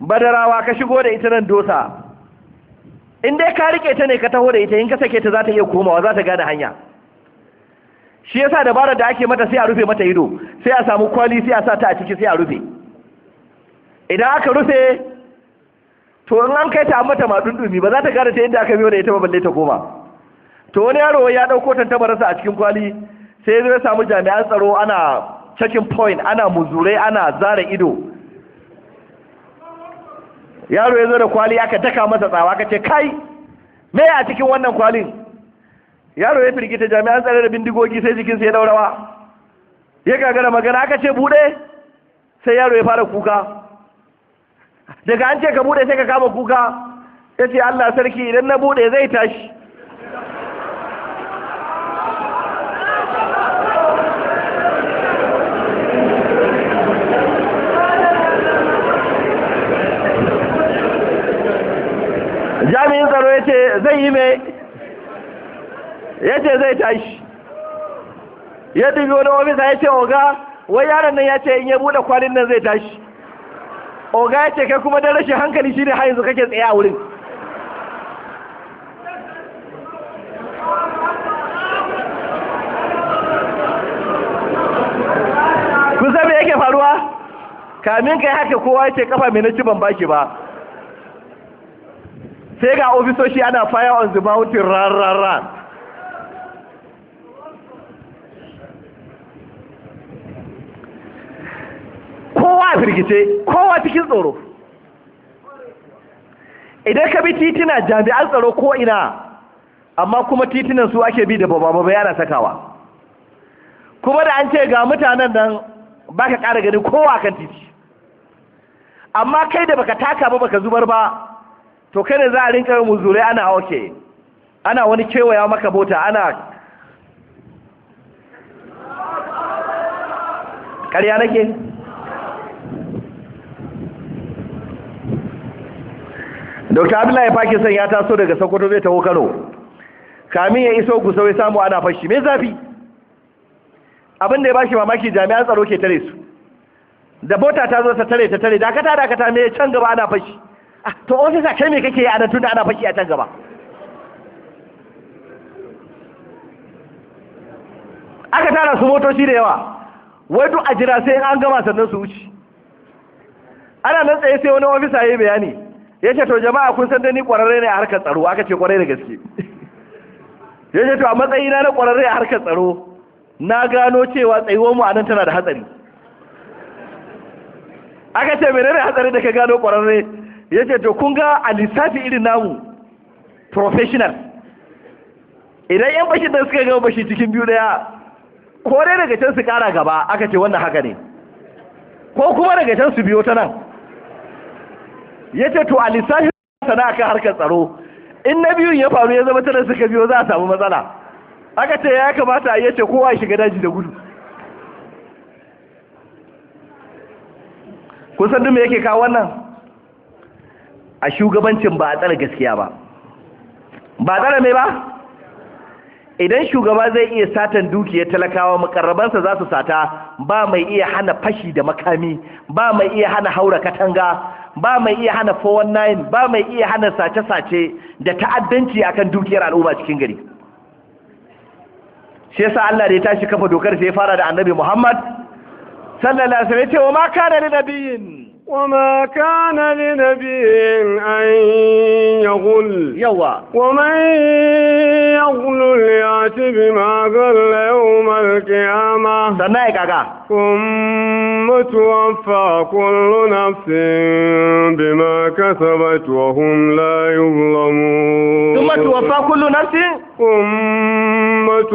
badarawa ka shigo da ita nan dosa in dai ka rike ta ne ka taho da ita in ka sake ta za ta iya komawa za ta gane hanya shi yasa dabarar da ake mata sai a rufe mata ido sai a samu kwali sai a sa ta a ciki sai a rufe idan aka rufe to in an kai ta mata ma dundumi ba za ta gane ta inda aka biyo da ita ba balle ta koma to wani yaro ya dauko tantabararsa a cikin kwali sai ya samu jami'an tsaro ana checking point ana muzurai ana zara ido yaro ya zo da kwali aka daka masa tsawa ka ce kai me a cikin wannan kwalin yaro ya firgita jami'an tsare da bindigogi sai jikinsa ya daurawa ya gagara magana aka ce bude sai yaro ya fara kuka daga an ce ka bude sai ka kama kuka ya ce Allah sarki idan na bude zai tashi jami'in tsaro ya ce zai yi mai ya ce zai tashi ya dubi wani ofisa ya ce oga wai yaron nan ya ce in ya buɗe kwanin nan zai tashi oga ya ce kai kuma don rashin hankali shi ne har yanzu kake tsaye a wurin kusa san me yake faruwa kamin kai haka kowa ya ce kafa mai na ci ban baki ba sai ga ofisoshi ana fire on the mountain ran ran ran kowa a firgice kowa cikin tsoro idan ka bi titina jami'an tsaro ko ina amma kuma titinan su ake bi da bababa yana sakawa kuma da an ce ga mutanen nan baka ƙara ganin kowa kan titi amma kai da baka taka ba baka zubar ba to kada za a rinka yin muzurai ana oke ana wani kewaya maka bota ana ƙarya nake Dr. Abdullahi Pakistan ya taso daga Sokoto zai taho Kano kamin ya iso ku ya samu ana fashi me zafi abin da ya shi mamaki jami'an tsaro ke tare su da bota ta zo ta tare ta tare dakata dakata me can gaba ana fashi to sa kai me kake yi a nan tunda ana faki a can gaba aka tara su motoci da yawa wai duk a jira sai an gama sannan su wuce ana nan tsaye sai wani ofisa ya bayani ya ce to jama'a kun san dani ni kwararre ne a harkar tsaro aka ce kwarai da gaske ya ce to a matsayina na kwararre a harkar tsaro na gano cewa tsayuwar mu a nan tana da hatsari aka ce menene hatsari da ka gano kwararre ya ce to kun ga a lissafi irin namu professional idan yan bashi da suka gama bashi cikin biyu daya ko dai daga can su kara gaba aka ce wannan haka ne ko kuma daga can su biyo ta nan ya ce to a lissafi sana kan harkar tsaro in na biyun ya faru ya zama tana suka biyo za a samu matsala aka ce ya kamata a yace kowa ya shiga daji da gudu kusan duk yake kawo wannan a shugabancin ba a tsara gaskiya ba ba a tsara mai ba idan shugaba zai iya satan dukiyar talakawa makarrabansa za su sata ba mai iya hana fashi da makami ba mai iya hana haura katanga ba mai iya hana 419 ba mai iya hana sace-sace da ta'addanci a kan dukiyar al'umma cikin gari shi yasa Allah da ya tashi kafa dokar sai ya fara da Annabi Muhammad sallallahu alaihi wasallam ya ce wa ma kana da nabiyin وما كان لنبي أن يغل يوا ومن يغل يأت بما غل يوم القيامة ثم توفى كل نفس بما كسبت وهم لا يظلمون ثم توفى كل نفس ثم Allahu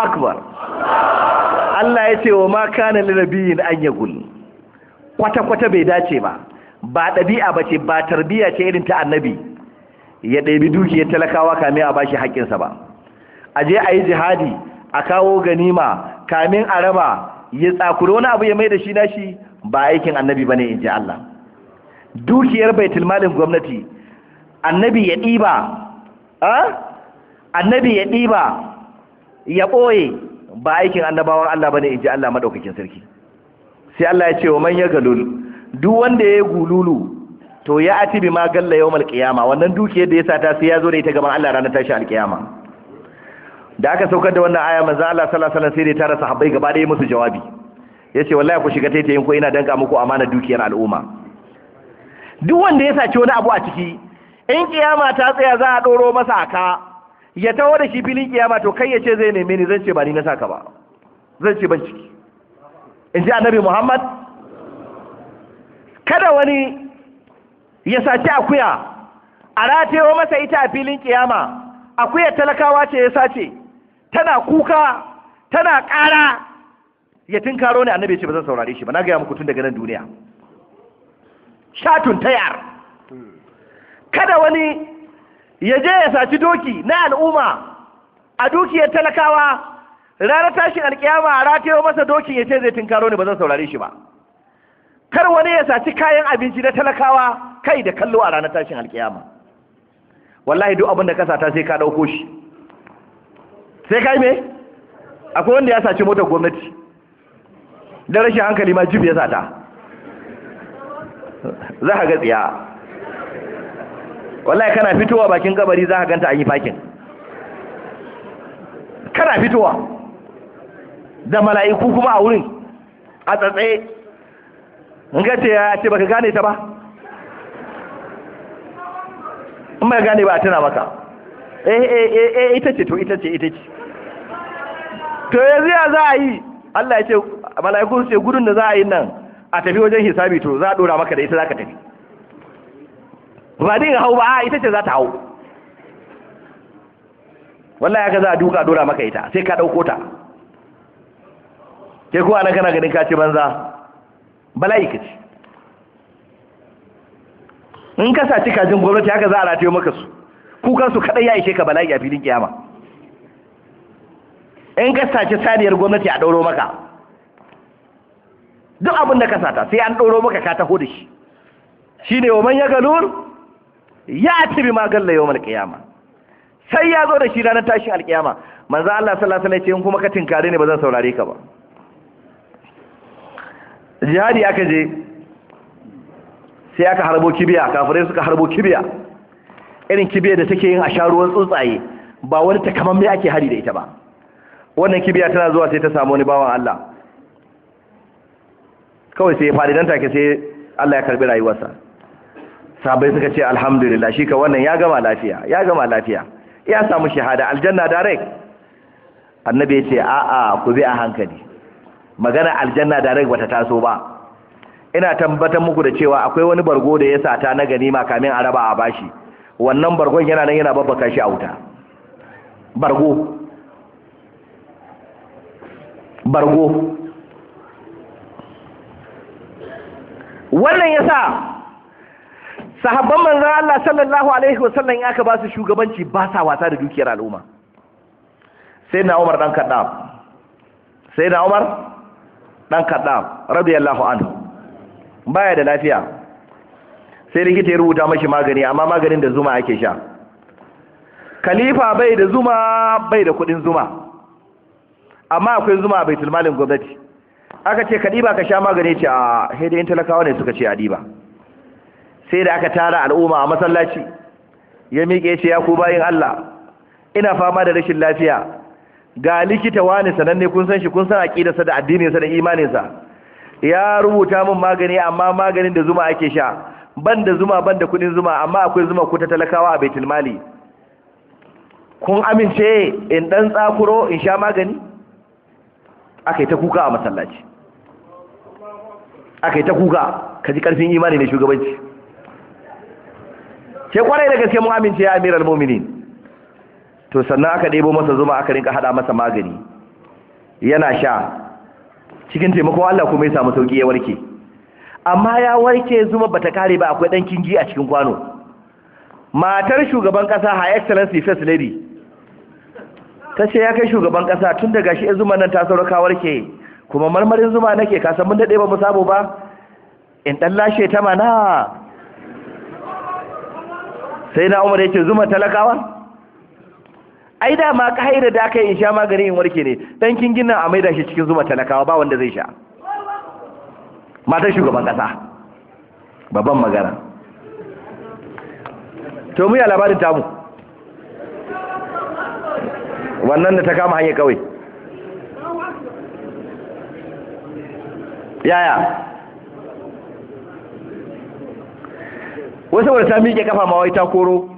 Akbar Allah ya ce wa ma kana linabiyin an yagul kwata-kwata bai dace ba ba ɗabi'a ba ce ba tarbiyya ce irin ta annabi ya ɗabi dukiyar talakawa kame a bashi haƙƙinsa ba a je a yi jihadi a kawo ganima kamin a raba ya tsakuri wani abu ya mai da shi nashi ba aikin annabi ba ne in ji Allah dukiyar baitul malin gwamnati annabi ya ɗiba annabi ya ɗiba ya ɓoye ba aikin annabawan Allah ba ne in ji Allah maɗaukakin sarki sai Allah ya ce wa man ya duk wanda ya yi gululu to ya ati bi ma galla yawmal qiyama wannan dukiyar da ya sata sai ya zo da ita gaban Allah ranar tashi alƙiyama. da aka saukar da wannan aya manzo Allah sallallahu alaihi wasallam sai da tara sahabbai gaba ɗaya musu jawabi yace wallahi ku shiga taitayin ko ina danka muku amana dukiyar al'umma duk wanda ya saci wani abu a ciki in kiyama ta tsaya za a doro masa aka ya tawo da shi filin kiyama to kai yace zai neme ni zan ce ba ni na saka ba zan ce ban ciki in ji annabi Muhammad kada wani ya saci akuya a ratayo masa ita a filin kiyama akuyar talakawa ce ya sace tana kuka tana ƙara ya tunkaro ne annabi ce ba zan saurare shi ba na gaya muku tun daga nan duniya shatun tayar kada wani ya je ya saci doki na al'umma a dukiyar talakawa rana tashin alkiyama a ratayo masa dokin ya ce zai tunkaro ne ba zan saurare shi ba kar wani ya saci kayan abinci na talakawa kai da kallo a ranar tashin alkiyama wallahi duk abin da kasa ta sai ka ɗauko shi sai kai me akwai wanda ya sace motar gwamnati da rashin hankali ma jib ya sata za ka ga tsiya wallahi kana fitowa bakin kabari za ka ganta an yi fakin kana fitowa da mala'iku kuma a wurin a tsatsaye in ga ce ya ce baka gane ta ba in ba gane ba a tuna maka eh, eh eh eh ita ce to ita ce ita ce to ya zai za a yi Allah ya ce mala'ikun su ce gudun da za a yi nan a tafi wajen hisabi to za a dora maka da ita za ka tafi ba din hau ba ita ce za ta hau ya ka za a duka dora maka ita sai ka ɗauko ta ke kuwa nan kana ganin ka banza bala'i ka ce in ka saci kajin gwamnati haka za a rataye maka su kukansu su kadai ya ishe ka bala'i a filin kiyama in ka sace saniyar gwamnati a ɗoro maka duk abin da ka sata sai an ɗoro maka ka taho da shi shi ne waman ya galur ya ci bi magalla yau malƙiyama sai ya zo da shi ranar tashin alƙiyama manzo Allah sallallahu alaihi wasallam kuma ka tinkare ne ba zan saurare ka ba jihadi aka je sai aka harbo kibiya kafirai suka harbo kibiya irin kibiya da take yin a sha tsuntsaye ba wani takamamme ake hari da ita ba wannan kibiya tana zuwa sai ta samu wani bawan Allah kawai sai ya faɗi don take sai Allah ya karbi rayuwarsa sabai suka ce alhamdulillah shi ka wannan ya gama lafiya ya gama lafiya ya samu shahada aljanna direct annabi ya ce a'a ku bi a hankali magana aljanna direct bata taso ba ina tambatar muku da cewa akwai wani bargo da ya sata na ganima kamin a raba a bashi wannan bargon yana nan yana babbaka shi a wuta bargo bargo wannan ya sa sahabban manzan Allah sallallahu alaihi wasallam ya ka ba su shugabanci ba sa wasa da dukiyar al'umma sai na Umar dan Kaddam sai na Umar dan Kaddam radiyallahu anhu baya da lafiya sai likita ya rubuta mashi magani amma maganin da zuma ake sha khalifa bai da zuma bai da kudin zuma amma akwai zuma a baitul malin gwamnati aka ce ka ɗiba ka sha magani ce a haidayin talakawa ne suka ce a ɗiba sai da aka tara al'umma a masallaci ya miƙe ce ya ku bayin Allah ina fama da rashin lafiya ga likita wani sananne kun san shi kun san aqidarsa da addininsa da imaninsa ya rubuta min magani amma maganin da zuma ake sha ban da zuma ban da kudin zuma amma akwai zuma ku ta talakawa a baitul mali kun amince in ɗan tsakuro in sha magani aka yi ta kuka a masallaci aka yi ta kuka ka ji karfin imani ne shugabanci Ke kwarai da gaske mun amince ya amiral muminin to sannan aka ɗebo masa zuma aka rinka haɗa masa magani yana sha cikin taimakon Allah kuma ya samu sauki ya warke amma ya warke zuma bata kare ba akwai ɗan kingi a cikin kwano matar shugaban ƙasa high excellency first lady ta ce ya kai shugaban kasa tun da gashi ya zuma nan ta saurakawar ke kuma marmarin zuma nake san mun daɗe ba mu samu ba in ɗan lashe ta mana sai na umar yake zuma talakawa ai da ma ƙa'ida da aka yi in sha maganin in warke ne Dan kin nan a maida shi cikin zuma talakawa ba wanda zai sha matar shugaban kasa babban magana to mu ya labarin tamu wannan da ta kama hanyar kawai yaya wasu wadda ta miƙe kafa mawai wai ta koro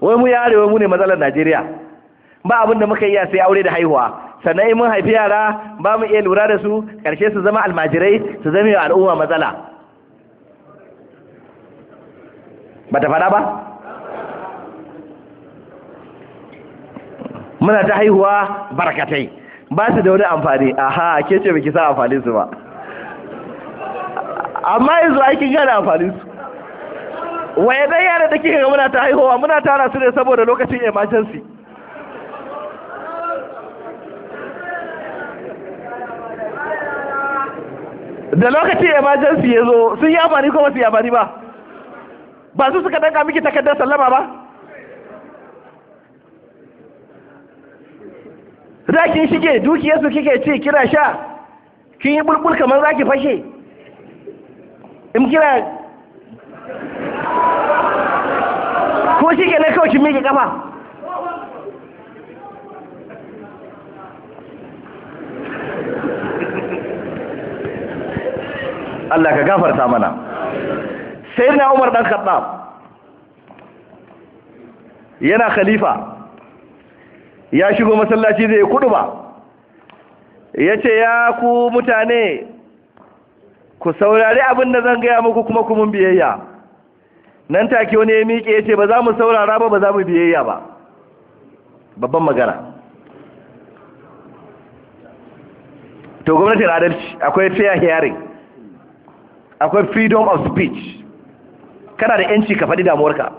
wai mu yare wai mu ne matsalar najeriya ba abin da muka iya sai aure da haihuwa sannan yi mun haifi yara ba mu iya lura da su ƙarshe su zama almajirai su zama al'umma matsala ba ta faɗa ba muna ta haihuwa barkatai ba su da wani amfani aha ke ce mai sa amfanin su ba amma yanzu aikin gane amfanin su waye dai yana da kika muna ta haihuwa muna tara su ne saboda lokacin emergency da lokacin emergency ya zo sun yi amfani ko ba su yi amfani ba ba su suka danka miki takardar sallama ba Za ki shige dukiyarsu kike ci kira sha kin yi bulbul kamar za ki fashe in kira ko shi ke na kawai kin miƙe kafa Allah ka gafarta mana sai na Umar ɗan kaɗa yana khalifa ya shigo masallaci zai kudu ba ya ce ya ku mutane ku saurari abin da zan gaya muku kuma kuma biyayya nan take wani ya miƙe ya ce ba za mu saurara ba ba za mu biyayya ba babban magana to gwamnati na adalci akwai fair hearing akwai freedom of speech kana da yanci ka faɗi damuwarka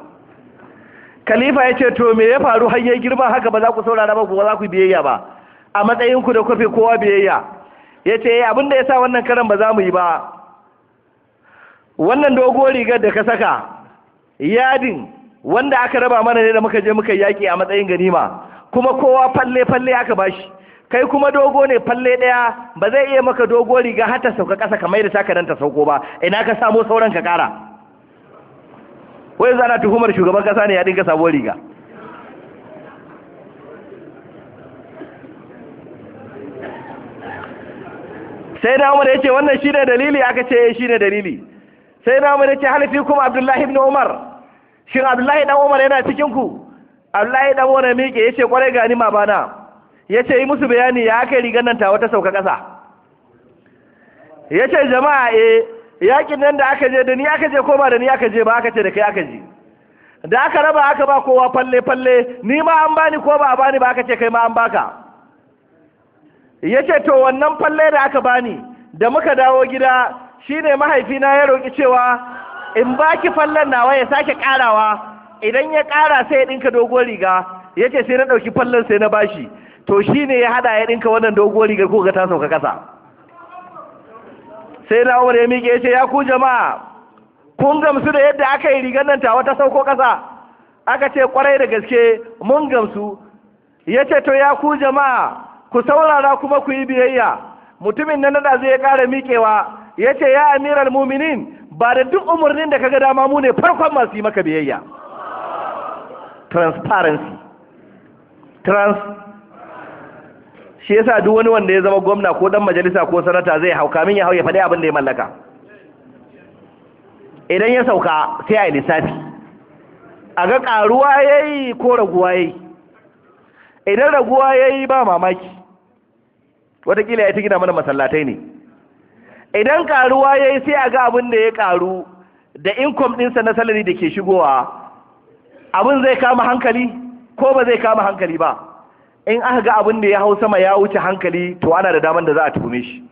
khalifa ya ce to me ya faru har girma haka ba za ku saurara ba ku ba za ku biyayya ba a matsayinku da kwafe kowa biyayya ya ce eh, abin da ya sa wannan karan ba za mu yi ba wannan dogo rigar da ka saka yadin wanda aka raba mana ne da muka je muka yaƙi a matsayin ganima kuma kowa falle falle aka bashi kai kuma dogo ne falle ɗaya ba zai iya maka dogo riga har ta sauka ƙasa kamar da ta ka ta sauko ba ina ka samo sauran ka ƙara wai zana tuhumar shugaban kasa ne ya dinka sabuwar riga sai da umar ya ce wannan shi ne dalili aka ce eh, shi ne dalili sai da umar ya ce halifi kuma abdullahi ibn umar shin abdullahi dan umar yana cikin ku abdullahi dan umar miƙe ya ce kwarai gani ma bana ya ce yi musu bayani ya aka rigar nan ta wata sauka ƙasa ya ce jama'a eh yakin nan da aka je da ni aka je ko ba da ni aka je ba aka ce da kai aka je da aka raba aka ba kowa falle falle ni ma an bani ko ba a bani ba aka ce kai ma an baka yace to wannan falle da aka bani da muka dawo gida shine mahaifina ya roki cewa in baki fallen nawa ya sake karawa idan ya kara sai ya dinka doguwar riga yace sai na dauki fallen sai na bashi to shine ya hada ya dinka wannan doguwar riga ko ga ta sauka kasa sai na umar ya miƙe ce ya ku jama'a kun gamsu da yadda aka yi rigar nan tawa ta sauko ƙasa aka ce kwarai da gaske mun gamsu ya ce to ya ku jama'a ku saurara kuma ku yi biyayya mutumin nan da zai ƙara miƙewa ya ce ya amiral muminin ba da duk umarnin da kaga dama mu ne farkon masu yi maka biyayya transparency shi yasa duk wani wanda ya zama gwamna ko dan majalisa ko sanata zai hauka min ya hau ya faɗi abin da ya mallaka idan ya sauka sai a yi lissafi a ga ƙaruwa ya ko raguwa ya idan raguwa ya yi ba mamaki watakila ya ta gina mana masallatai ne idan ƙaruwa ya sai a ga abin da ya ƙaru da inkom ɗinsa na salari da ke shigowa abin zai kama hankali ko ba zai kama hankali ba in aka ga abin da ya hau sama ya wuce hankali to ana da daman da za a tuhume shi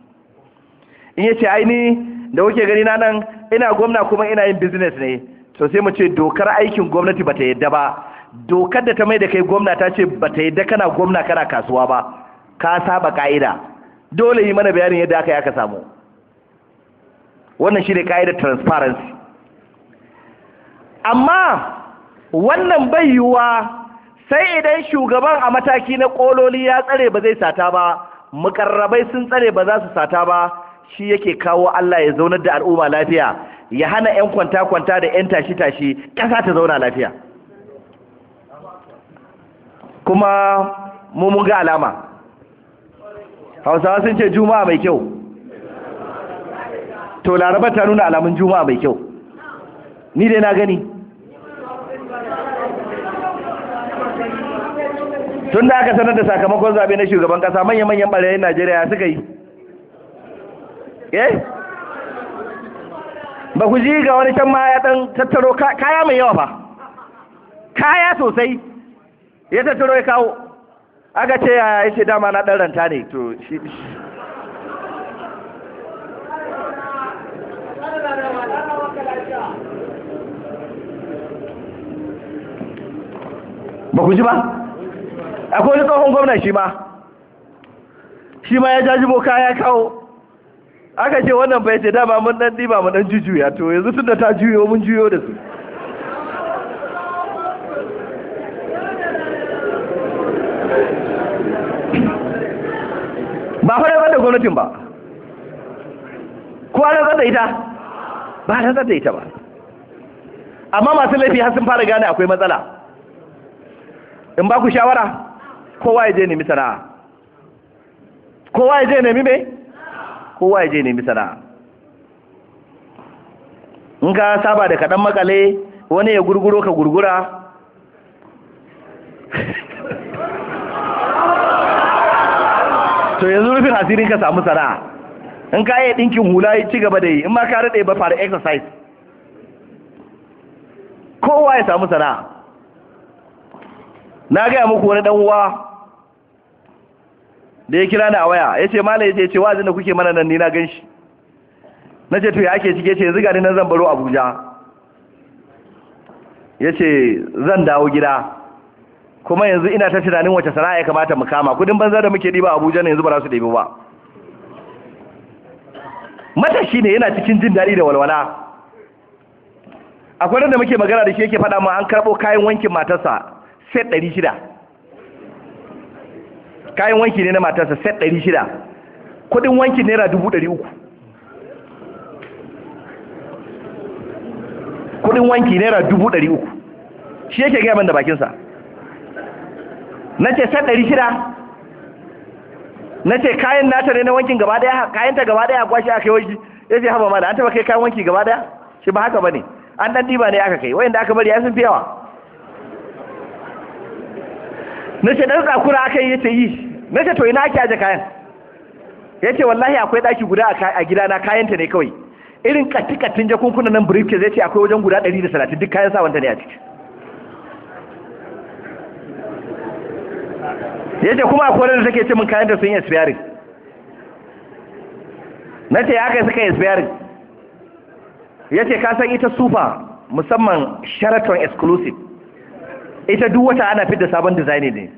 in yace ni da kuke gani na nan ina gwamna kuma ina yin business ne to sai mu ce dokar aikin gwamnati bata yadda ba dokar da ta mai da kai gwamna ta ce bata yadda kana gwamna kana kasuwa ba ka saba ka'ida dole yi mana bayanin yadda aka yi aka samu wannan shi ne ka'idar transparency amma wannan bai yiwuwa sai idan shugaban a mataki na kololi ya tsare ba zai sata ba mukarrabai sun tsare ba za su sata ba shi yake kawo Allah ya zaunar da al'umma lafiya ya hana 'yan kwanta-kwanta da 'yan tashi-tashi ƙasa ta zauna lafiya kuma mun ga alama hausawa sun ce juma'a mai kyau to laraba ta nuna alamun juma'a mai kyau ni dai na gani tun da aka sanar da sakamakon zaɓe na shugaban ƙasa manya-manyan ɓarayen najeriya suka yi eh ba ku ji ga wani can ma ya ɗan tattaro kaya mai yawa ba kaya sosai ya tattaro ya kawo aka ce ya yi ce dama na ɗan ranta ne to shi ba ku ji ba akwai wani tsohon gwamna shi ma shi ma ya boka kaya kawo aka ce wannan bai ce dama mun dan diba mun dan jujuya to yanzu tunda ta juyo mun juyo da su ba fara ba da gwamnatin ba ko an zata ita ba ta zata ita ba amma masu laifi har sun fara gane akwai matsala in ba ku shawara kowa ya je nemi sana'a kowa ya je nemi me kowa ya je nemi sana'a in ka saba da kaɗan makale wani ya gurguro ka gurgura to yanzu rufin asirin ka samu sana'a in ka yi ɗinkin hula ci gaba da yi in ma ka raɗe ba fara exercise kowa ya samu sana'a na gaya muku wani ɗan uwa da ya kira ni a waya ya ce mala ya ce wazin da kuke mana nan ni na gan shi na ce to ya ake cike ce yanzu gani nan zan baro abuja ya ce zan dawo gida kuma yanzu ina ta tunanin wace sana'a ya kamata mu kama kudin banza da muke ɗiba abuja ne yanzu ba za su ɗebi ba matashi ne yana cikin jin daɗi da walwala akwai da muke magana da shi yake faɗa mu an karɓo kayan wankin matarsa set ɗari shida kayan wanki ne na matarsa set ɗari shida kudin wanki naira dubu ɗari uku kudin wanki naira dubu ɗari uku shi yake gaya da bakinsa na ce set ɗari shida na ce kayan nata ne na wankin gaba ɗaya kayanta gaba ɗaya gwashi aka yi wanki ya ce haba mana an taɓa kai kayan wanki gaba ɗaya shi ba haka ba ne an ɗan ɗiba ne aka kai wayanda aka bari ya sun fi yawa na ce ɗan kura aka yi ya ce yi na ce to ina ake aje kayan ya ce wallahi akwai ɗaki guda a gidana kayanta ne kawai irin katikatin jakunkunan nan briefcase ya ce akwai wajen guda 130 duk kayan sawanta ne a ciki ya ce kuma akwai wadanda take ce min kayanta sun yi expiring na ce ya kai suka yi expiring ya ce kasan ita super musamman sheraton exclusive ita duk wata ana fidda sabon design ne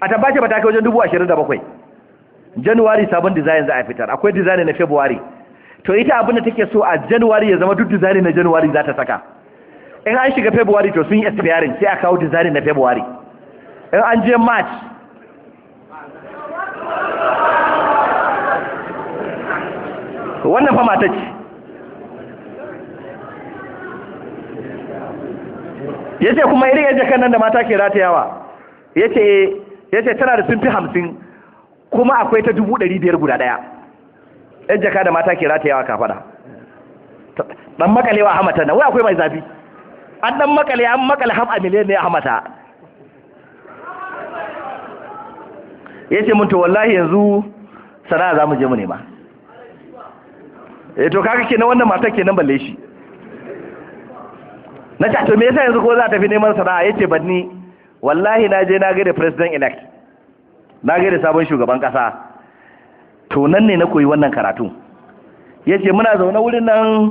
a tabbace ba ta kai wajen dubu ashirin da bakwai januwari sabon dizayin za a fitar akwai dizayin na february to ita abin da take so a januwari ya zama duk dizayin na januwari za ta saka in an shiga february to sun yi expiring sai a kawo dizayin na february in an je march wannan fa mata ce ya ce kuma irin yadda kan nan da mata ke ratayawa ya ce eh, ya ce tana da sun fi hamsin kuma akwai ta dubu ɗari biyar guda ɗaya ɗan jaka da mata ke wa kafaɗa ɗan makalewa a hamata na wai akwai mai zafi an ɗan makale an makale ham a miliyan ne a hamata ya ce mun to wallahi yanzu sana'a za mu je mu nema e to ke na wannan matar nan balle shi na ce a me yasa yanzu ko za ta fi neman sana'a yace banni wallahi na je na gaida president elect na gaida sabon shugaban kasa to nan ne na koyi wannan karatu yace muna zaune wurin nan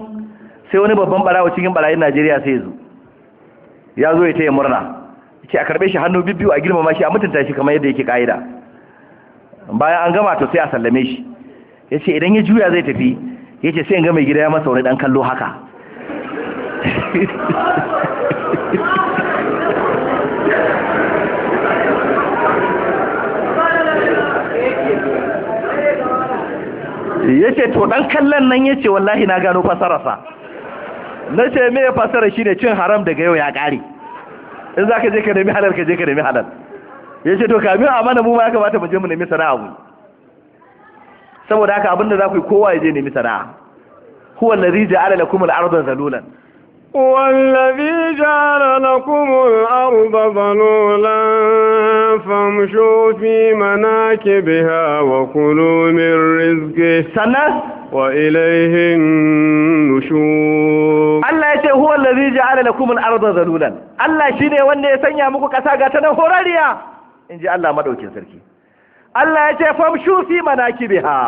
sai wani babban barawo cikin barayin Najeriya sai ya zo ya zo ya taya murna yace a karbe shi hannu bibbiyu a girmama shi a mutunta shi kamar yadda yake kaida bayan an gama to sai a sallame shi yace idan ya juya zai tafi yace sai in ga mai gida ya masa wani dan kallo haka *laughs* yace to dan kallon nan yace wallahi na gano fasararsa nace me ya fasara shine cin haram daga yau ya kare in zaka je ka nemi halal ka je ka nemi halal yace to kamin a mana mu ma ya kamata mu je mu nemi sana'a mu saboda haka abinda za ku yi kowa ya je nemi sana'a huwa allazi ja'ala lakum al-ardha zalulan والذي جعل لكم الأرض ظلولا فامشوا في مناكبها وكلوا من رزقه سنة وإليه النشور الله يتي هو الذي جعل لكم الأرض ظلولا الله شيني واني يسنيا مكو كساقتنا هوراليا إن جاء الله مدعوكين سركي Allah ya ce famshu fi manakibiha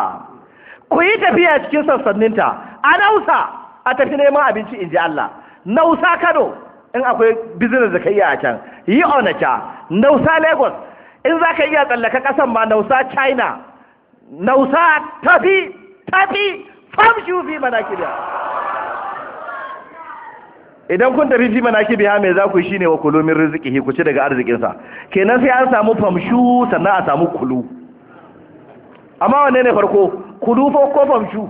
ku yi tafiya cikin sassaninta a nausa a tafi neman abinci in ji Allah nausa kano in akwai business da ka iya a can yi onacha nausa lagos in za ka iya tsallaka kasan ma nausa china nausa tafi tafi famshu fi kiriya idan kun tafi fi kiriya mai za ku shi ne wa kulomin riziki ku ci daga arzikinsa kenan sai an samu famshu sannan a samu kulu amma wanne ne farko kulu ko famshu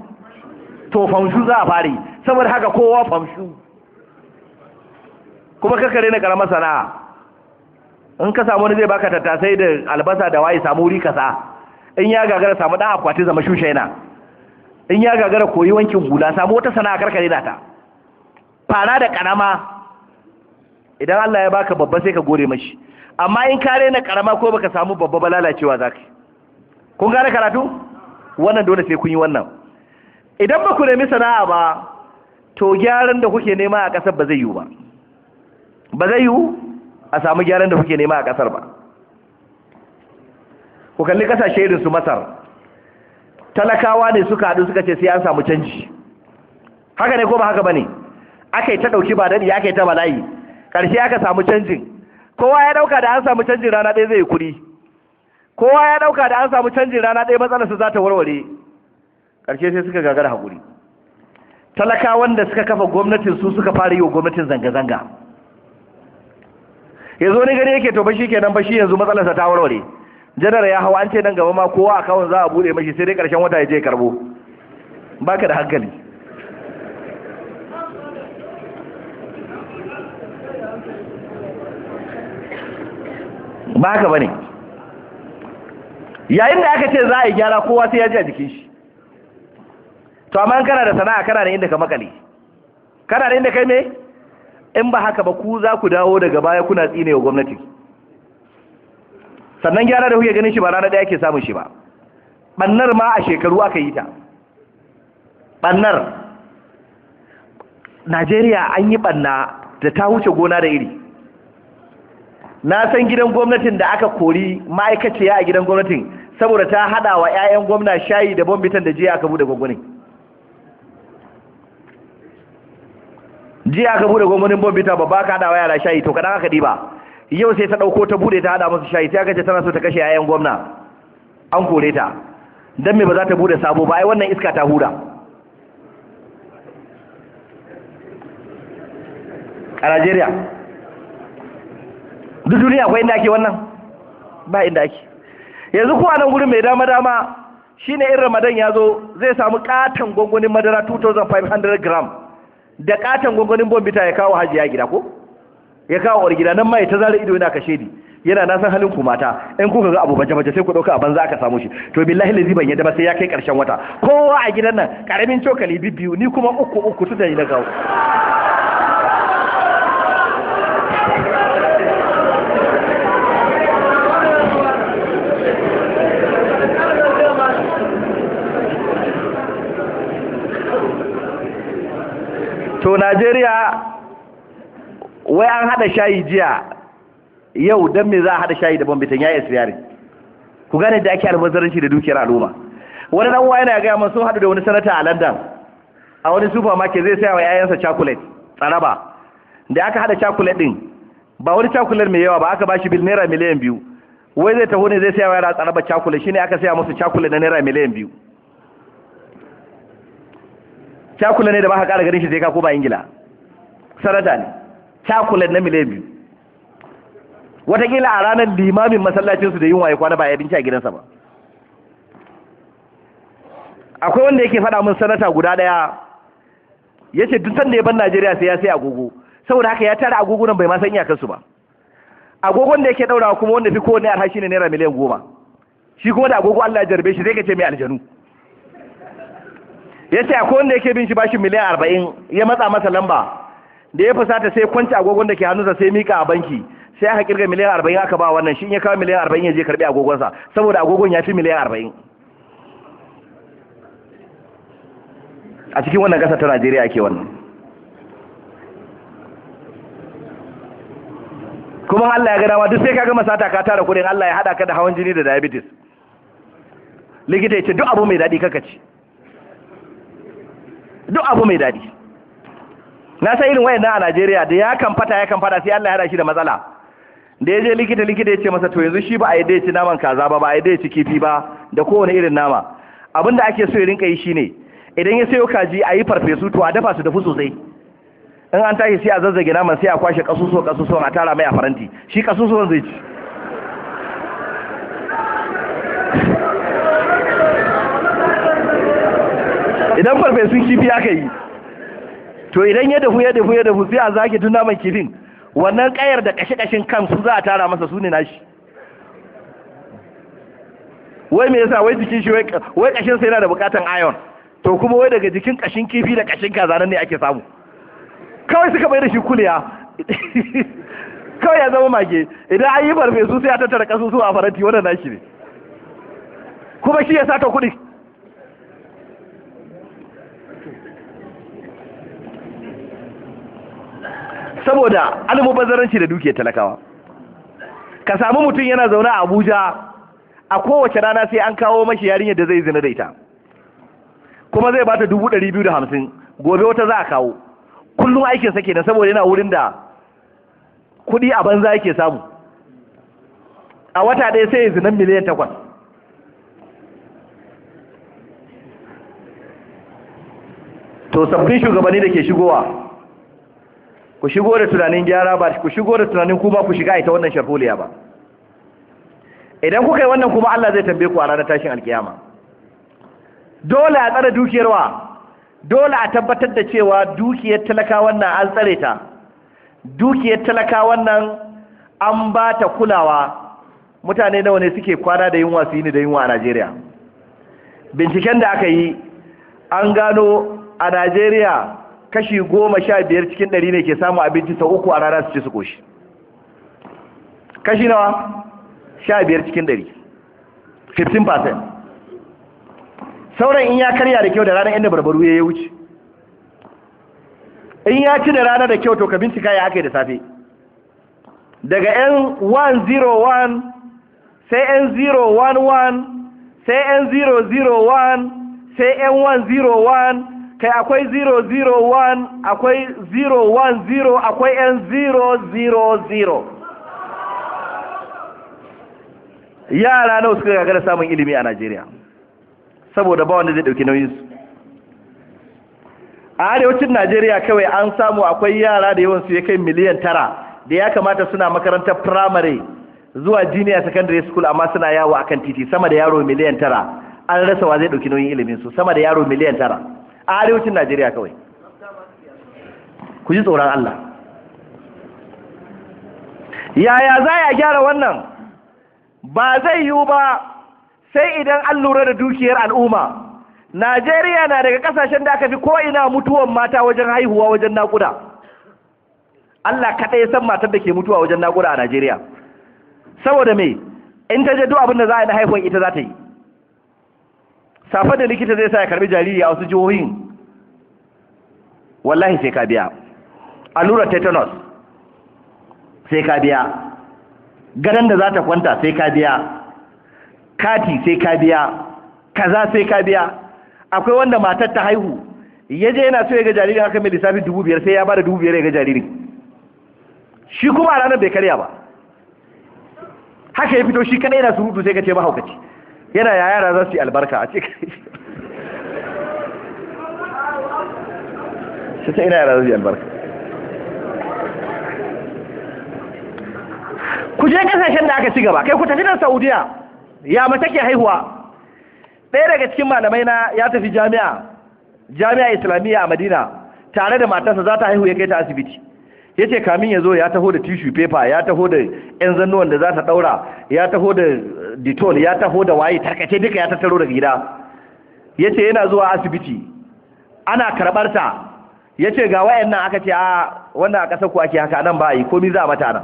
to famshu za a fari saboda haka kowa famshu kuma kakka daina karamar sana'a in ka samu wani zai baka tattasai da albasa da waye samu wuri kasa in ya gagara samu dan akwati zama shushaina in ya gagara koyi wankin hula samu wata sana'a karkare na ta fara da karama idan Allah ya baka babba sai ka gore mashi amma in ka rena karama ko baka samu babba ba lalacewa zaka kun gane karatu wannan dole sai kun yi wannan idan ba ku nemi sana'a ba to gyaran da kuke nema a ƙasar ba zai yiwu ba ba zai yiwu a samu gyaran da kuke nema a ƙasar ba ku kalli ƙasashe irin su masar talakawa ne suka haɗu suka ce sai an samu canji haka ne ko ba haka ba ne aka yi ta ɗauki ba daɗi aka yi ta bala'i ƙarshe aka samu canjin kowa ya ɗauka da an samu canjin rana ɗaya zai yi kuɗi kowa ya ɗauka da an samu canjin rana ɗaya matsalarsa za ta warware ƙarshe sai suka gagara haƙuri talakawan da suka kafa gwamnatin su suka fara yi wa gwamnatin zanga-zanga ya zo ne gari yake to ba shi kenan ba shi yanzu matsalarsa ta warware janar ya hawa an ce nan gaba ma kowa akawun za a bude mashi sai dai karshen wata ya je karbo baka da hankali ba bane yayin da aka ce za a yi gyara kowa sai ya ji a jikin shi to amma kana da sana'a kana da inda ka makale kana da inda kai me in ba haka ba ku za ku dawo daga baya kuna tsine wa gwamnati sannan gyara da kuke ganin shi ba rana ɗaya ke samun shi ba bannar ma a shekaru aka yi ta bannar najeriya an yi ɓanna da ta wuce gona da iri na san gidan gwamnatin da aka kori ma'aikaciya a gidan gwamnatin saboda ta haɗa wa 'ya'yan gwamna shayi da bombitan da jiya aka bude gwagwani jiya aka bude gwamnatin ta babba ka hada wa yara shayi to kadan aka diba yau sai ta dauko ta bude ta hada musu shayi sai aka ce tana so ta kashe ayyan gwamna an kore ta dan me ba za ta bude sabo ba ai wannan iska ta hura a Najeriya duk duniya akwai inda ake wannan ba inda ake yanzu ko a nan gurin mai dama dama shine in Ramadan ya zo zai samu katon gwangwanin madara 2500 gram da katon gwangwanin ta ya kawo hajiya gida ko ya kawo war gida nan ma ta zara ido yana kashe ni yana na san halin ku mata in kuka ga abu baje baje sai ku dauka a banza aka samu shi to billahi lazi ban yadda ba sai ya kai karshen wata kowa a gidan nan karamin cokali bibbiyu ni kuma uku uku tuta ni na gawo. to najeriya wai an hada shayi jiya yau don me za a hada shayi da bambitan ya yi siyari ku gane da ake albazaranci da dukiyar al'umma wani dan yana gaya min sun hadu da wani sanata a london a wani supermarket zai saya wa 'ya'yansa chocolate tsaraba da aka hada chocolate din ba wani chocolate mai yawa ba aka bashi bil naira miliyan biyu wai zai taho ne zai saya wa yara tsaraba chocolate shine aka saya musu chocolate na naira miliyan biyu cakula ne da ba ka ƙara ganin shi sai ka ko ba ingila sanata ne cakula na miliyan biyu watakila a ranar limamin masallacinsu da yunwa ya kwana ba ya binci a gidansa ba akwai wanda yake faɗa min sanata guda ɗaya ya ce duk sanda ya ban najeriya sai ya sai agogo saboda haka ya tara nan bai ma san kansu ba agogon da yake ɗaurawa kuma wanda fi kowane arha ne naira miliyan goma shi kuma da agogo allah ya jarbe shi zai kace mai aljanu ya ce akwai wanda yake bin shi bashi miliyan arba'in ya matsa masa lamba da ya fusata sai kwanci agogon da ke hannunsa sai mika a banki sai aka kirga miliyan arba'in aka ba wannan shi in ya kawo miliyan arba'in ya je karbi agogonsa saboda agogon ya fi miliyan arba'in a cikin wannan kasa ta najeriya ake wannan kuma allah ya gadawa duk sai ka gama sata ka tara kudin allah ya haɗa ka da hawan jini da diabetes likita ya ce duk abu mai daɗi kaka ci duk abu mai daɗi na san irin wayannan a Najeriya da ya kan fata ya kan fada sai Allah ya hada da matsala da ya je likita likita ya ce masa to yanzu shi ba a yadda ya ci naman kaza ba ba a yadda ya ci kifi ba da kowane irin nama abin da ake so ya rinka yi shine idan ya sayo kaji a yi farfesu to a dafa su dafu sosai in an tashi sai a zazzage naman sai a kwashe kasusuwan kasusuwan a tara mai a faranti shi kasusuwan zai ci idan farfesun kifi aka yi to idan ya dafu ya dafu ya dafu sai a zaki tun naman kifin wannan kayar da kashe-kashen kan su za a tara masa su ne nashi wai me yasa wai jikin shi wai kashin sai yana da bukatan iron to kuma wai daga jikin kashin kifi da kashin kaza nan ne ake samu kawai suka bai da shi kuliya *laughs* kawai ya zama mage idan an yi farfesu sai a tattara kasu su a faranti wannan nashi ne kuma shi ya saka kuɗi saboda bazaranci da duke talakawa ka sami mutum yana zaune a abuja a kowace rana sai an kawo mashi yarinyar da zai zina da ita kuma zai bata dubu ɗari biyu da hamsin gobe wata za a kawo kullum aikin aikinsa kenan saboda yana wurin da kuɗi a banza yake samu a wata ɗaya sai ya zinan miliyan takwas to sabbin shugabanni da ke shigowa ku shigo da tunanin gyara ba ku shigo da tunanin ku ku shiga ita wannan sharholiya ba idan kuka yi wannan kuma Allah zai tambaye ku a ranar tashin alkiyama dole a tsare dukiyarwa dole a tabbatar da cewa dukiyar talaka wannan an tsare ta dukiyar talaka wannan an ba ta kulawa mutane nawa ne suke kwana da yunwa su yi ni da yunwa a Najeriya binciken da aka yi an gano a Najeriya kashi goma sha biyar cikin ɗari ne ke samun abinci sau uku a rana su ci su ƙoshi kashi nawa sha biyar cikin ɗari 15% sauran in ya karya da kyau da ranar inda barbaru ya wuce in ya ci da rana da kyau to ka bincika ya aka yi da safe daga yan 101 sai yan 011 sai yan 001 sai yan 101 kai akwai 001 akwai 010 akwai yan 000 yara nawa suka gagara samun ilimi a najeriya saboda ba wanda zai dauki nauyinsu a arewacin najeriya kawai an samu akwai yara da yawansu ya kai miliyan tara da ya kamata suna makarantar firamare zuwa junior secondary school amma suna yawo akan titi sama da yaro miliyan tara an rasa wa zai dauki nauyin ilimin su sama da yaro miliyan tara arewacin najeriya kawai ku ji tsoron allah yaya za ya gyara wannan ba zai yiwu ba sai idan an lura da dukiyar al'umma najeriya na daga kasashen da aka fi ko'ina mutuwan mata wajen haihuwa wajen naƙuda allah kaɗai san matar da ke mutuwa wajen naƙuda a najeriya saboda me in ta je duk abin za a yi na haihuwa ita za ta yi safa da likita zai sa ya karbi jariri a wasu jihohin wallahi sai ka biya allurar tetanus sai ka biya gadon da za ta kwanta sai ka biya kati sai ka biya kaza sai ka biya akwai wanda matar ta haihu ya je yana so ya ga jaririn haka mai lissafi dubu biyar sai ya da dubu biyar ya ga jaririn shi kuma a ranar bai karya ba haka ya fito shi kanai yana surutu sai ka ce mahaukaci yana ya yara za su yi albarka a cikin kasashen da aka ci gaba kai ku tafi nan saudiya ya mace ke haihuwa ɗaya daga cikin malamai na ya tafi jami'a jami'a islamiyya a madina tare da matarsa za ta haihu ya kai ta asibiti yace kamin ya zo ya taho da tissue paper ya taho da yan zannuwan da za ta daura ya taho da detol ya taho da waye tarkace duka ya tattaro daga gida ya ce yana zuwa asibiti ana karɓar ta ya ga wayan nan aka ce a wannan a ƙasar ku ake haka nan ba yi komi za a mata nan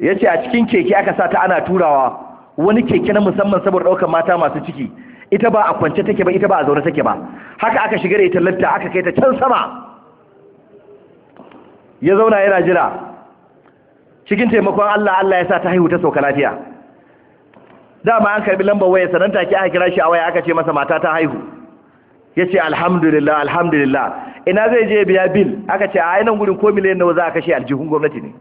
ya a cikin keke aka sa ta ana turawa wani keke na musamman saboda ɗaukar mata masu ciki ita ba a kwance take ba ita ba a zaune take ba haka aka shiga da ita lafta aka kai ta can sama ya zauna yana jira cikin taimakon Allah Allah ya sa ta haihu ta sauka lafiya dama an karbi lambar waya sanan take aka kira shi a waya aka ce masa mata ta haihu yace alhamdulillah alhamdulillah ina zai je biya bill aka ce a nan gurin ko miliyan nawa za a kashe aljihun gwamnati ne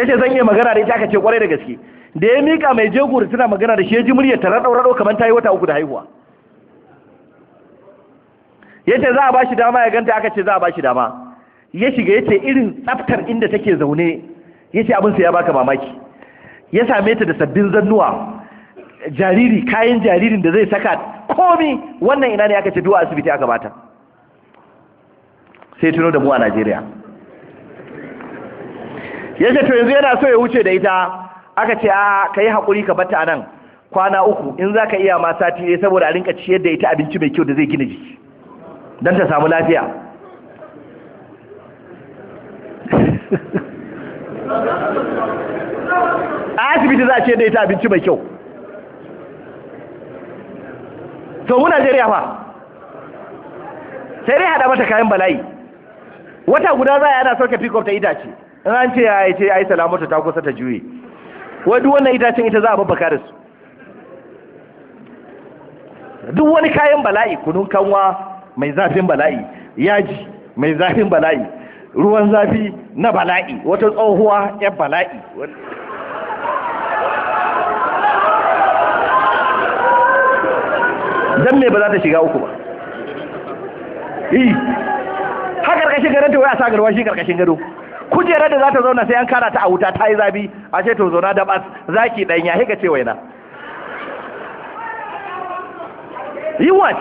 yace zan yi magana da ita aka ce kwarai da gaske da ya mika mai jego da tana magana da shi ya ji muryar ta raɗau raɗau kamar ta yi wata uku da haihuwa yace za a bashi dama ya ganta aka ce za a bashi dama ya shiga yace irin tsaftar inda take zaune yace abin sa ya baka mamaki ya same ta da sabbin zannuwa jariri kayan jaririn da zai saka komi wannan ina ne aka ce duwa asibiti aka bata sai tuno da mu a Najeriya yace to yanzu yana so ya wuce da ita aka ce a kai hakuri ka bata nan kwana uku in zaka iya ma sati saboda a rinka ciyar da ita abinci mai kyau da zai gina jiki don ta samu lafiya a asibiti za a ce da ita abinci mai kyau to mu najeriya fa sai dai hada mata kayan bala'i wata guda za a yana sauke pick ta itace an ce ya ce yi salamatu ta kusa ta juye wadu duk wannan itacen ita za a babbaka da su duk wani kayan bala'i kunun kanwa mai zafin bala'i yaji mai zafin bala'i ruwan zafi na bala'i wata tsohuwa ya bala'i don mai ba za ta shiga uku ba yi ha karkashin garin ta waya sa garwa shi karkashin gado kujerar da za ta zauna sai an kara ta a wuta ta yi zabi a ce to zauna da bas zaki danya hika ce waina yi what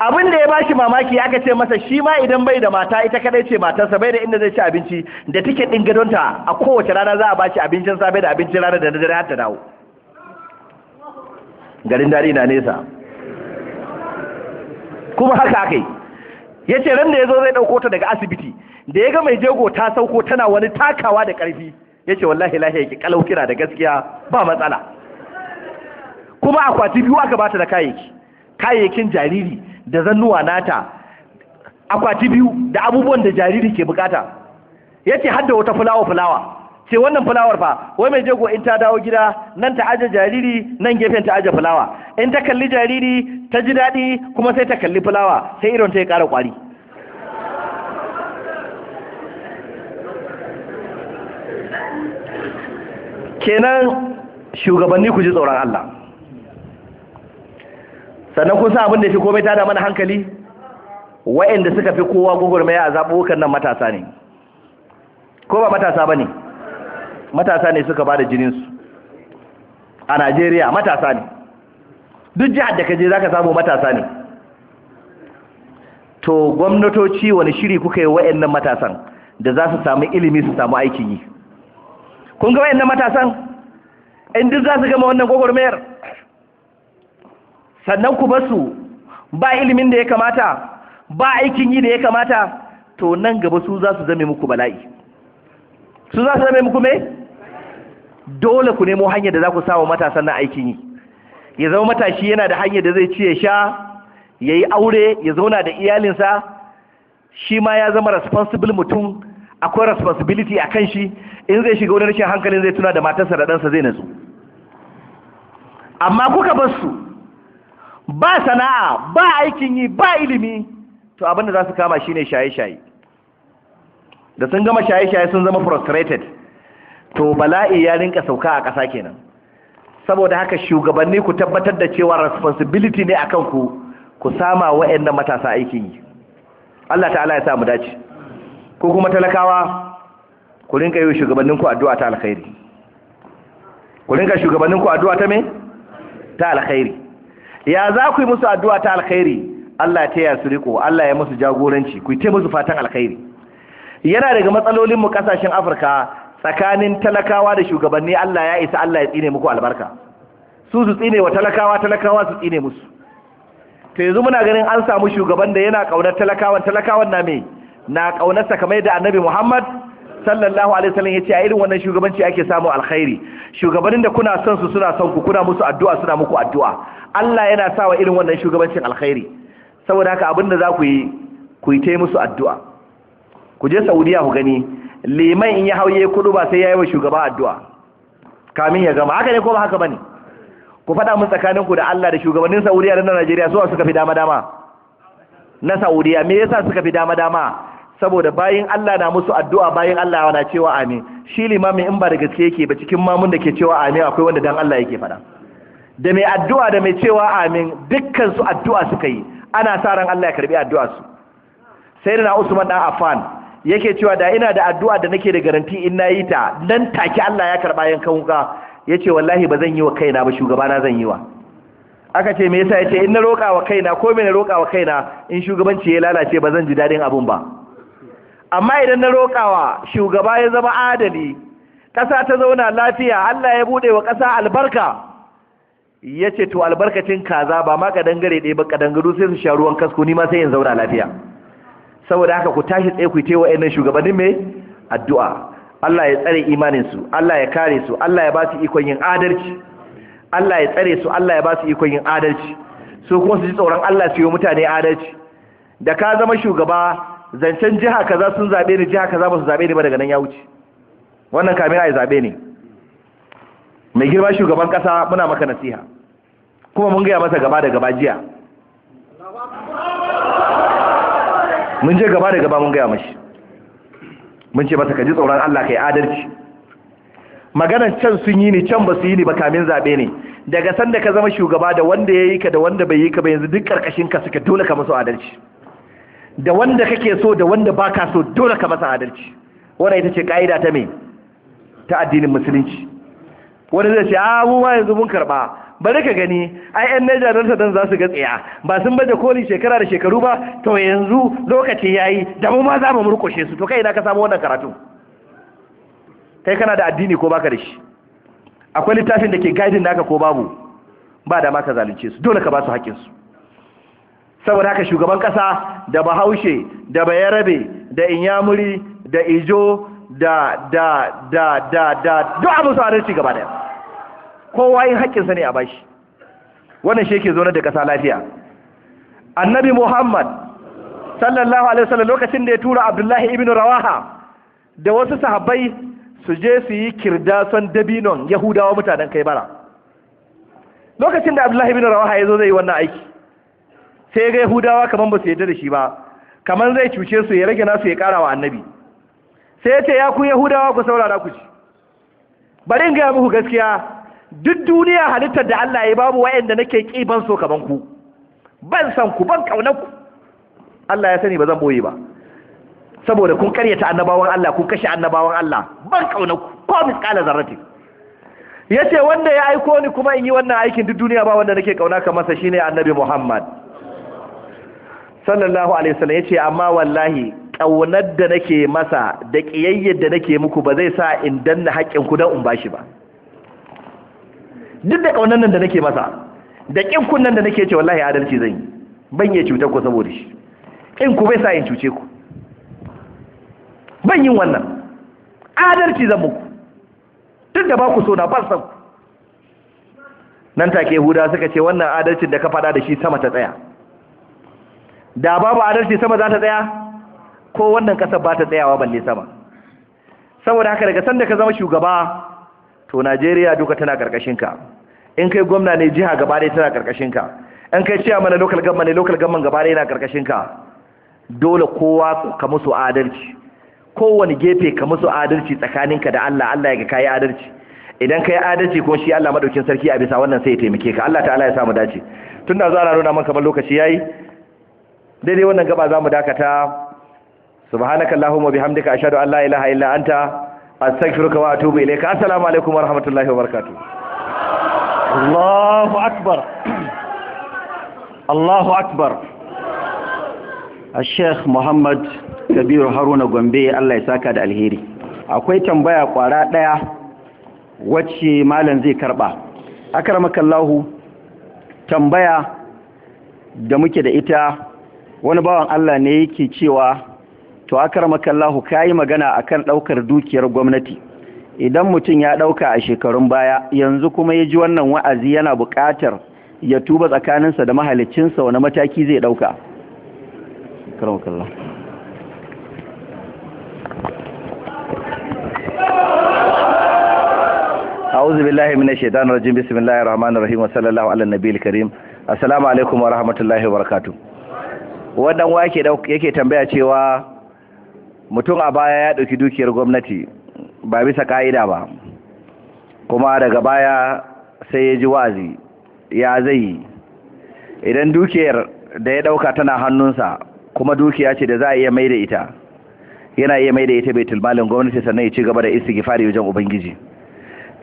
abin da ya ba shi mamaki aka ce masa shi ma idan bai da mata ita kadai ce matarsa bai da inda zai ci abinci da tiket din gadonta a kowace rana za a bashi abincin safe da abincin rana da dare har ta dawo garin dare na nesa kuma haka aka yi ya ran da ya zo zai dauko ta daga asibiti da ya ga mai jego ta sauko tana wani takawa da ƙarfi ya wallahi lahi ki kalau kira da gaskiya ba matsala kuma akwati biyu aka bata da kayayyaki kayayyakin jariri da zannuwa nata akwati biyu da abubuwan da jariri ke bukata yace hadda wata fulawa fulawa ce wannan fulawar fa wai mai jego in ta dawo gida nan ta aje jariri nan gefen ta aje fulawa in ta kalli jariri ta ji daɗi kuma sai ta kalli fulawa sai irin ta ya kara kwari kenan shugabanni ku ji tsoron Allah sannan kun sa abin da fi komai ta da mana hankali wa'inda suka fi kowa gugurmaya a zaɓuɓɓukan nan matasa ne ko ba matasa ba ne matasa ne suka ba da jininsu a najeriya matasa ne duk jihar da ka je za ka samu matasa ne to gwamnatoci wani shiri kuka yi nan matasan da za su samu ilimi su samu aikin yi kun ga wa'annan matasan in duk za su gama wannan gwagwarmayar sannan ku basu ba ilimin da ya kamata ba aikin yi da ya kamata to nan gaba su za su zame muku bala'i su za su zame muku me dole ku nemo hanyar da za ku samu matasan na aikin yi ya zama matashi yana da hanyar da zai ci ya sha ya yi aure ya zauna da iyalinsa shi ma ya zama responsible mutum akwai responsibility a kan shi in zai shiga wani rashin hankalin zai tuna da matarsa da ɗansa zai nazu amma kuka basu. ba sana'a ba aikin yi ba ilimi to abinda za su kama shine shaye-shaye da sun gama shaye-shaye sun zama frustrated to bala'i ya rinka sauka a ƙasa kenan saboda haka shugabanni ku tabbatar da cewa responsibility ne akan ku ku sama wa'annan matasa aikin yi Allah ta'ala ya sa mu dace ko kuma talakawa ku rinka yi shugabannin ku addu'a ta alkhairi ku rinka shugabannin ku addu'a ta me ta alkhairi ya za ku yi musu addu'a ta alkhairi Allah ya yi su riko Allah ya musu jagoranci ku ta musu fatan alkhairi yana daga matsalolin mu kasashen Afirka tsakanin talakawa da shugabanni Allah ya isa Allah ya tsine muku albarka su su tsine wa talakawa talakawa su tsine musu Ta yanzu muna ganin an samu shugaban da yana ƙaunar talakawan talakawan na me na ƙaunarsa kamar da Annabi Muhammad sallallahu alaihi wasallam yace a irin wannan shugabanci ake samu alkhairi shugabannin da kuna son su suna son ku kuna musu addu'a suna muku addu'a Allah yana sawa irin wannan shugabancin alkhairi saboda haka abinda za ku yi ku yi tai musu addu'a ku je Saudiya ku gani liman in ya hauye kudu ba sai ya yi wa shugaba addu'a kamin ya gama haka ne ko ba haka bane ku faɗa mun tsakaninku da Allah da shugabannin Saudiya da na Najeriya su suka fi dama dama na Saudiya me yasa suka fi dama dama saboda bayan Allah na musu addu'a bayan Allah na cewa amin shi limamin in ba da gaske yake ba cikin mamun da ke cewa amin akwai wanda dan Allah yake fada da mai addu'a da mai cewa amin dukkan addu'a suka yi ana sa ran Allah ya karbi addu'a su sai da na Usman dan Affan yake cewa da ina da addu'a da nake da garanti in na yi ta nan take Allah ya karba yan kanka ce wallahi ba zan yi wa kaina ba shugabana zan yi wa aka ce me yasa yace in na roƙa wa kaina ko me na roƙa wa kaina in shugabanci ya lalace ba zan ji dadin abun ba amma idan na roƙawa shugaba ya zama adali ƙasa ta zauna lafiya Allah ya buɗe wa ƙasa albarka ya ce to albarkacin kaza ba ma ƙadangare ɗaya ba ƙadangaru sai su sha ruwan kasko ni ma sai in zauna lafiya saboda haka ku tashi tsaye ku tewa ɗayan shugabannin mai addu'a Allah ya tsare imaninsu Allah ya kare su Allah ya ba su ikon yin adalci Allah ya tsare su Allah ya ba su ikon yin adalci su kuma su ji tsoron Allah su yi mutane adalci da ka zama shugaba zancen jiha kaza sun zabe ni jiha kaza ba su zabe ni ba daga nan ya wuce wannan kamin a zabe ni ne mai girma shugaban ƙasa muna maka nasiha kuma mun gaya masa gaba da gaba jiya mun je gaba da gaba mun gaya mashi mun ce masa ka ji tsoron Allah ka yi adalci maganan can sun yi ni can ba su yi ni ba kamin zabe ne daga sanda ka zama shugaba da wanda ya yi ka da wanda bai yi ka ba yanzu duk karkashin ka suka dole ka musu adalci da wanda kake so da wanda baka so dole ka masa adalci wannan ita ce ka'ida ta mai ta addinin musulunci wanda zai ce a mu ma yanzu mun karba bari ka gani ai yan Niger Delta dan za su ga tsaya ba sun baje koli shekara da shekaru ba to yanzu lokaci yayi da mu ma za mu murkushe su to kai ina ka samu wannan karatu kai kana da addini ko baka da shi akwai littafin da ke guiding naka ko babu ba da ma ka zalunce su dole ka ba su su saboda haka shugaban kasa da bahaushe da bayarabe da inyamuri da ijo da da da da da duk abin su adalci gaba daya kowa yin haƙƙinsa ne a bashi wannan shi yake zonar da kasa lafiya annabi muhammad sallallahu alaihi wasallam lokacin da ya tura abdullahi ibn rawaha da wasu sahabbai su je su yi kirdason dabinon yahudawa mutanen kai kaibara lokacin da abdullahi ibn rawaha ya zo zai yi wannan aiki sai ga yahudawa kamar ba su yarda da shi ba kamar zai cuce su ya rage nasu ya kara wa annabi sai ya ce ya ku yahudawa ku saurara ku ci bari in gaya muku gaskiya duk duniya halittar da Allah ya babu wa'anda nake ƙi ban so kaman ku ban san ku ban kaunar ku Allah ya sani ba zan boye ba saboda kun karyata annabawan Allah kun kashe annabawan Allah ban kaunar ku ko misqala zarrati ce wanda ya aiko ni kuma in yi wannan aikin duk duniya ba wanda nake kauna kamar sa shine annabi Muhammad sallallahu alaihi wasallam yace amma wallahi kaunar da nake masa da kiyayyar da nake muku ba zai sa in danna haƙƙin ku dan in bashi ba duk da kaunar nan da nake masa da kin kunnan da nake ce wallahi adalci zan yi ban yi cutar ku saboda shi in ku bai sa in cuce ku ban yin wannan adalci zan muku tun da ba ku so na ban san nan take huda suka ce wannan adalcin da ka faɗa da shi sama ta tsaya da babu adalci sama za ta tsaya ko wannan kasar ba ta tsayawa balle sama saboda haka daga sanda ka zama shugaba to najeriya duka tana ka. in kai gwamna ne jiha gaba ɗaya tana ka. in kai ciya mana local government ne local government gaba ɗaya yana ka. dole kowa ka musu adalci kowane gefe ka musu adalci tsakaninka da allah allah ya ga kayi adalci idan ka yi adalci ko shi Allah madaukin sarki a bisa wannan sai ya taimake ka Allah ta'ala ya samu dace tun da za a nuna man kamar lokaci yayi daidai wannan gaba za mu dakata mafi allahumma bihamdika ashhadu an la ilaha illa anta astaghfiruka wa atubu ilayka assalamu alaikum wa rahmatullahi wa barakatuh Allahu akbar Allahu akbar Sheikh Muhammad Kabiru Haruna Gombe Allah ya saka da alheri akwai tambaya kwara daya wacce malam zai karba akramakallahu tambaya da muke da ita wani bawan Allah ne yake cewa to akramakallahu kai magana akan daukar dukiyar gwamnati idan mutum ya dauka a shekarun baya yanzu kuma ya ji wannan wa'azi yana buƙatar ya tuba tsakaninsa da mahaliccinsa wani mataki zai dauka akramakallahu أعوذ بالله من الشيطان الرجيم بسم الله الرحمن الرحيم وصلى الله على النبي الكريم السلام عليكم ورحمة الله وبركاته wannan wake yake tambaya cewa mutum a baya ya ɗauki dukiyar gwamnati ba bisa ka'ida ba kuma daga baya sai ya ji wazi ya zai yi idan dukiyar da ya ɗauka tana hannunsa kuma dukiya ce da za a iya mai da ita yana iya mai da ita bai tulmalin gwamnati sannan ya ci gaba da gifari wajen ubangiji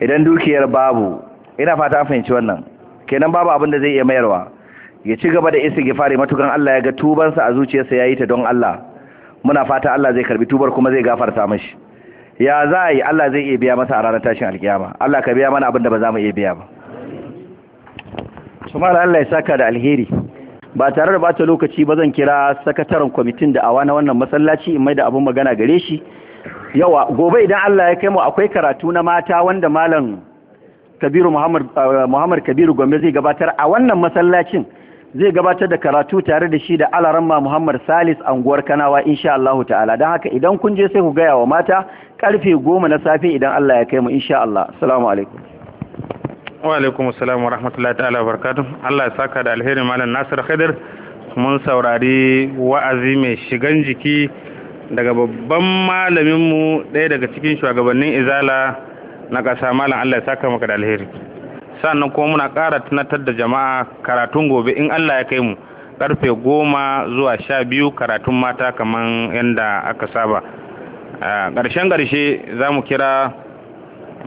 idan dukiyar babu ina fata fahimci wannan kenan babu abin da zai iya mayarwa ya ci gaba da istighfari matukan Allah ya ga tubansa a zuciyarsa yayi ta don Allah muna fata Allah zai karbi tubar kuma zai gafarta mashi ya za Allah zai iya biya masa a ranar tashin alkiyama Allah ka biya mana abin da ba za mu iya biya ba sumar Allah ya saka da alheri ba tare da bata lokaci ba zan kira sakataren kwamitin da awa na wannan masallaci in mai da abin magana gare shi yawa gobe idan Allah ya kai mu akwai karatu na mata wanda malam Kabiru Muhammad eh, Kabiru Gombe zai gabatar a wannan masallacin zai gabatar da karatu tare da shi da alaramma Muhammad Salis anguwar Kanawa insha Allahu ta'ala don haka idan kun je sai ku gaya wa mata karfe goma na safe idan Allah ya kai mu insha Allah assalamu alaikum wa alaikum assalam wa rahmatullahi ta'ala wa barakatuh Allah ya saka da alheri malam Nasir Khadir mun saurari wa'azi mai shigan jiki daga babban malamin mu ɗaya daga cikin shugabannin izala na ƙasa malam Allah ya saka maka da alheri sannan kuma muna ƙara tunatar da jama'a karatun gobe in Allah ya kai mu karfe goma zuwa sha biyu karatun mata kamar yadda aka saba ƙarshen ƙarshe za mu kira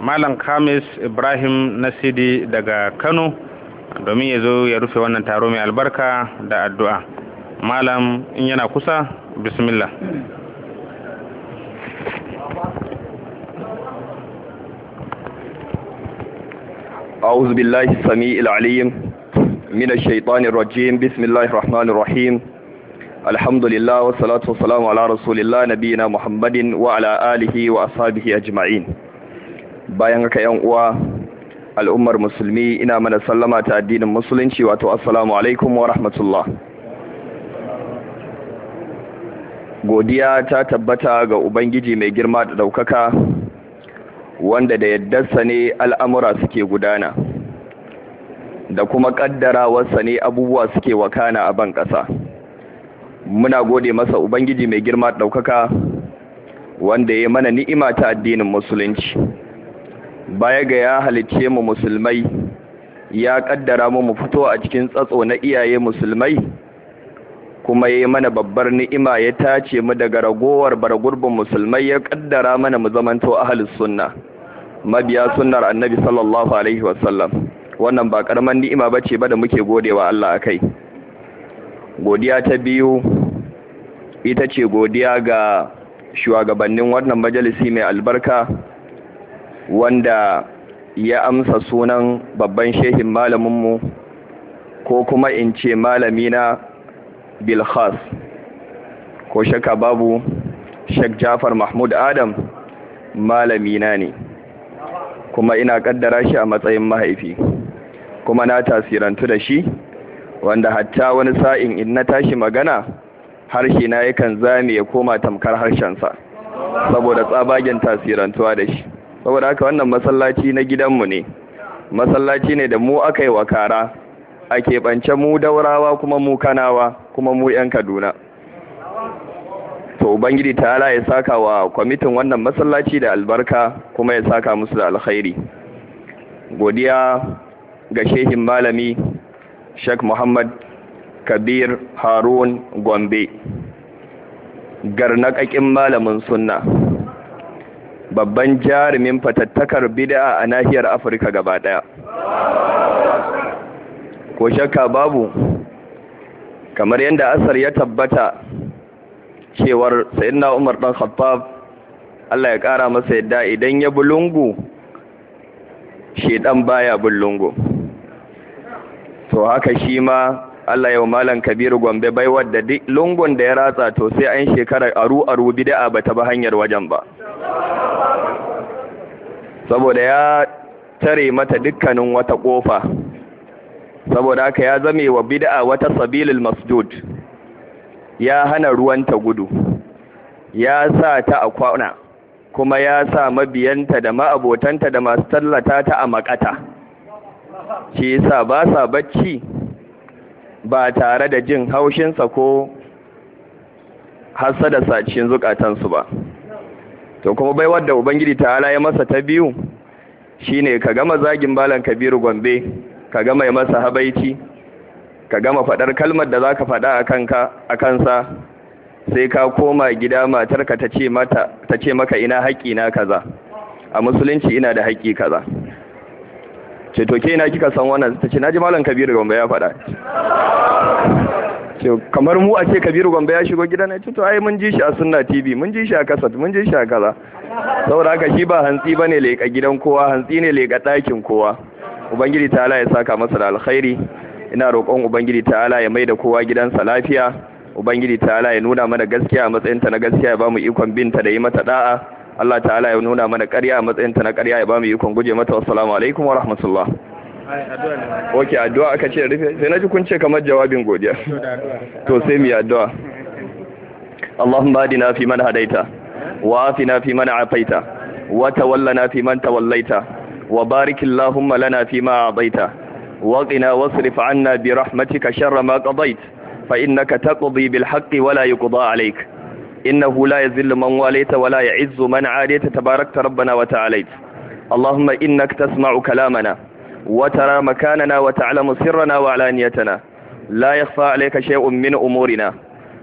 malam kamis ibrahim nasidi daga kano domin ya zo ya rufe wannan taro mai albarka da addu'a malam in yana kusa bismillah أعوذ بالله السميع العليم من الشيطان الرجيم بسم الله الرحمن الرحيم الحمد لله والصلاة والسلام على رسول الله نبينا محمد وعلى آله وأصحابه أجمعين bayan haka yan uwa al'ummar musulmi ina mana sallama ta addinin musulunci wato assalamu alaikum wa godiya ta tabbata ga ubangiji mai girma da daukaka wanda da yaddarsa ne al'amura suke gudana da kuma ƙaddarawarsa ne abubuwa suke wakana a ban ƙasa muna gode masa ubangiji mai girma ɗaukaka wanda ya mana ni'ima ta addinin musulunci baya ga ya halicce mu musulmai ya ƙaddara mu mu fito a cikin tsatso na iyaye musulmai kuma ya mana babbar ni'ima ya tace mu daga ragowar bargurbin musulmai ya ƙaddara mana mu zamanto ahlus sunna mabiya sunnar annabi sallallahu alaihi wasallam wannan ba karaman ni'ima bace ba da muke godewa Allah akai godiya ta biyu ita ce godiya ga shugabannin wannan majalisi mai albarka wanda ya amsa sunan babban shehin malaminmu ko kuma in ce malamina bilhas ko shaka babu shak jafar mahmud adam malamina ne kuma ina kaddara shi a matsayin mahaifi kuma na tasirantu da shi wanda hatta wani sa'in in na tashi magana harshe na yakan zame ya koma tamkar harshensa saboda tsabagen tasirantuwa da shi saboda haka wannan masallaci na gidanmu ne masallaci ne da mu aka yi wa kara a keɓance mu daurawa kuma mu kanawa kuma mu 'yan kaduna to ubangiji ala ya saka wa kwamitin wannan masallaci da albarka kuma ya saka musu da alkhairi godiya ga shehin malami Sheikh Muhammad Kabir Harun Gombe garnakakin malamin sunna babban jarumin fatattakar bid'a a nahiyar Afirka gaba ɗaya. ko shakka babu kamar yadda asar ya tabbata cewar sayyidina Umar dan Khattab Allah ya kara masa yadda idan ya bulungu shedan baya bulungu to haka shi ma Allah yau malam kabiru gombe bai wadda duk lungun da ya ratsa to sai an shekarar aru aru bid'a bata ba hanyar wajen ba saboda ya tare mata dukkanin wata ƙofa, saboda haka ya zame wa bid'a wata sabilul masjud. ya hana ruwanta gudu ya sa ta a kwana kuma ya sa mabiyanta da ma'abotanta da masu tallata ta a makata shi sa ba sa bacci ba tare da jin haushinsa ko da sacin zukatansu ba to kuma bai wadda ubangiji ta'ala ya masa ta biyu shine ka gama zagin balan kabiru gombe ka gama ya masa habaici ka gama faɗar kalmar da za ka faɗa a kansa sai ka koma gida matarka ta ce maka ina haƙƙi na kaza a musulunci ina da haƙƙi kaza ce to ke ina kika san wannan ta ce naji malam kabiru gombe ya faɗa ce kamar mu a ce kabiru gombe ya shigo gida ce to ai mun ji shi a sunna tv mun ji shi a kasat mun ji shi a kaza saboda haka shi ba hantsi bane leƙa gidan kowa hantsi ne leƙa ɗakin kowa ubangiji ta ya saka masa da alkhairi ina roƙon ubangiji ta'ala ya maida kowa gidansa lafiya ubangiji ta'ala ya nuna mana gaskiya a matsayinta na gaskiya ya bamu ikon binta da yi mata da'a Allah ta'ala ya nuna mana ƙarya a matsayinta na ƙarya ya bamu ikon guje mata wassalamu alaikum wa rahmatullah ok addu'a aka ce rufe sai na ji kun ce kamar jawabin godiya to sai mu yi addu'a Allahumma adina fi man hadaita wa afina fi man afaita wa tawallana fi man tawallaita wa barik Allahumma lana fi ma a'taita وقنا واصرف عنا برحمتك شر ما قضيت فإنك تقضي بالحق ولا يقضى عليك إنه لا يذل من واليت ولا يعز من عاديت تباركت ربنا وتعاليت اللهم إنك تسمع كلامنا وترى مكاننا وتعلم سرنا وعلانيتنا لا يخفى عليك شيء من أمورنا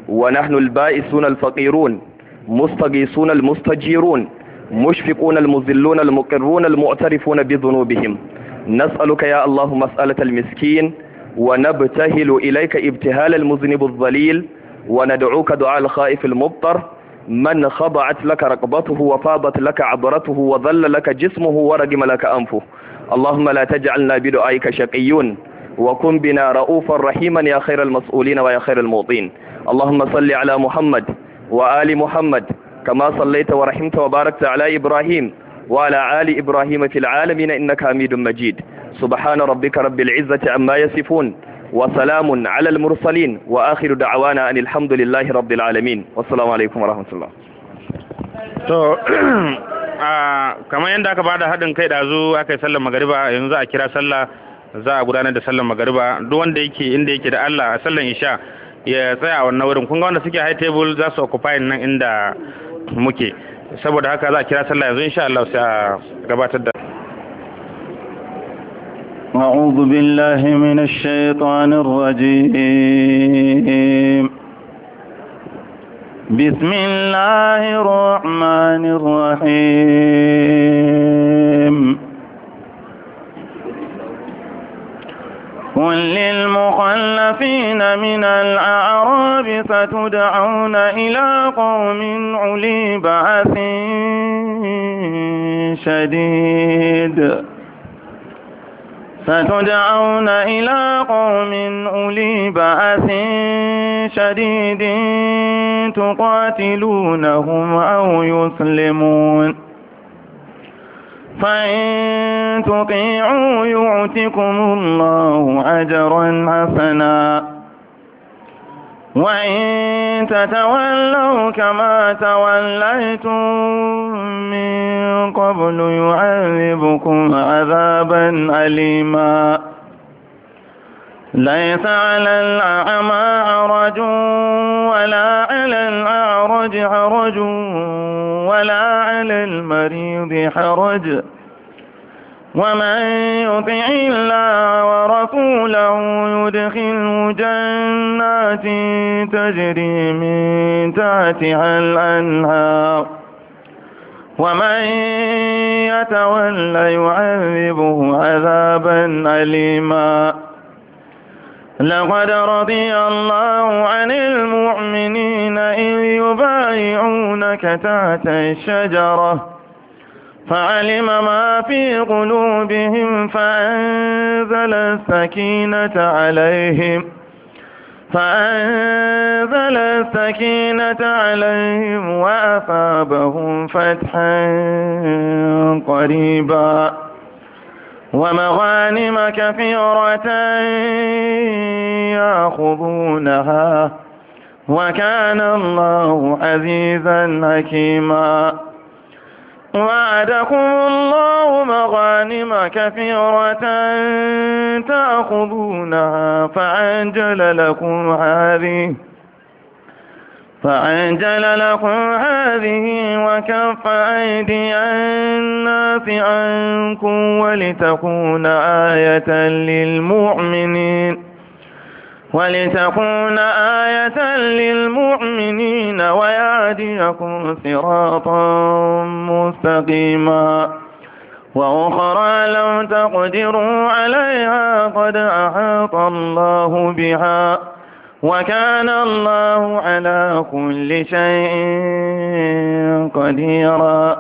ونحن البائسون الفقيرون مستقيسون المستجيرون مشفقون المذلون المقرون المعترفون بذنوبهم نسألك يا الله مسألة المسكين ونبتهل إليك ابتهال المذنب الظليل وندعوك دعاء الخائف المبطر من خضعت لك رقبته وفاضت لك عبرته وظل لك جسمه ورجم لك أنفه اللهم لا تجعلنا بدعائك شقيون وكن بنا رؤوفا رحيما يا خير المسؤولين ويا خير الموطين اللهم صل على محمد وآل محمد كما صليت ورحمت وباركت على إبراهيم وعلى آل إبراهيم في العالمين إنك حميد مجيد سبحان ربك رب العزة عما يصفون وسلام على المرسلين وآخر دعوانا أن الحمد لله رب العالمين والسلام عليكم ورحمة الله kamar yadda aka bada haɗin kai da zo aka yi sallar magariba yanzu za a kira sallah za a gudanar da sallar magariba duk wanda yake inda yake da Allah a sallar isha ya tsaya a wannan wurin kun ga wanda suke high table za su occupy nan inda muke saboda haka za a kira sallah yanzu insha Allah sai a gabatar da أعوذ بالله من الشيطان الرجيم بسم الله الرحمن الرحيم قل للمخلفين من الأعراب ستدعون إلى قوم علي بعث شديد ستدعون إلى قوم أولي بأس شديد تقاتلونهم أو يسلمون فإن تطيعوا يعتكم الله أجرا حسنا وإن تتولوا كما توليتم من قبل يعذبكم عذابا أليما ليس على الأعمى عرج ولا على الأعرج عرج ولا على المريض حرج ومن يطع الله ورسوله يدخل جنات تجري من تحتها الأنهار ومن يتولى يعذبه عذابا أليما لقد رضي الله عن المؤمنين إذ يبايعونك تحت الشجرة فعلم ما في قلوبهم فأنزل السكينة عليهم فأنزل السكينة عليهم وأثابهم فتحا قريبا ومغانم كثيرة يأخذونها وكان الله عزيزا حكيما وعدكم الله مغانم كثيرة تأخذونها فعجل لكم هذه فأنجل لكم هذه وكف أيدي الناس عنكم ولتكون آية للمؤمنين ولتكون آية للمؤمنين ويهديكم صراطا مستقيما وأخرى لم تقدروا عليها قد أحاط الله بها وكان الله على كل شيء قديرا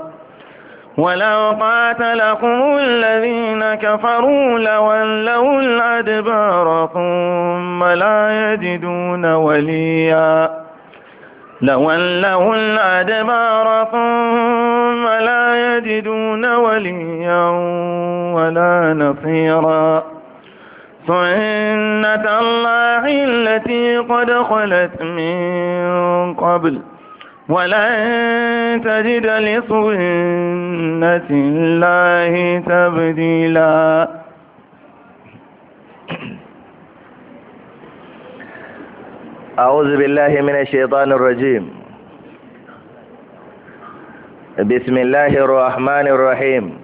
ولو قاتلكم الذين كفروا لولوا الأدبار ثم لا يجدون وليا لولوا الأدبار ثم لا يجدون وليا ولا نصيرا سنة الله التي قد خلت من قبل ولن تجد لسنة الله تبديلا أعوذ بالله من الشيطان الرجيم بسم الله الرحمن الرحيم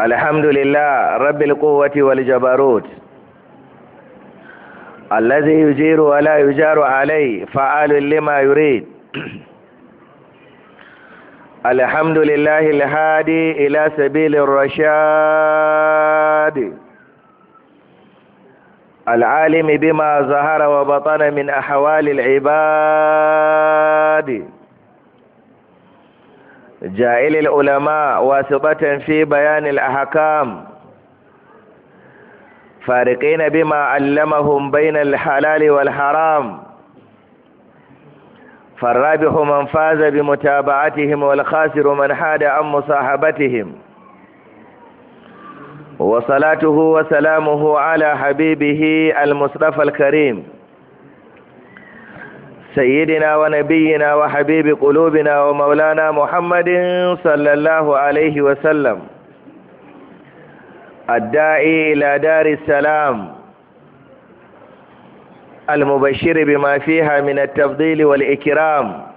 الحمد لله رب القوة والجبروت الذي يجير ولا يجار عليه فعال لما يريد *clears throat* الحمد لله الهادي إلى سبيل الرشاد العالم بما ظهر وبطن من أحوال العباد جائل العلماء واسطة في بيان الأحكام فارقين بما علمهم بين الحلال والحرام فالرابح من فاز بمتابعتهم والخاسر من حاد عن مصاحبتهم وصلاته وسلامه على حبيبه المصطفى الكريم سيدنا ونبينا وحبيب قلوبنا ومولانا محمد صلى الله عليه وسلم الداعي إلى دار السلام المبشر بما فيها من التفضيل والإكرام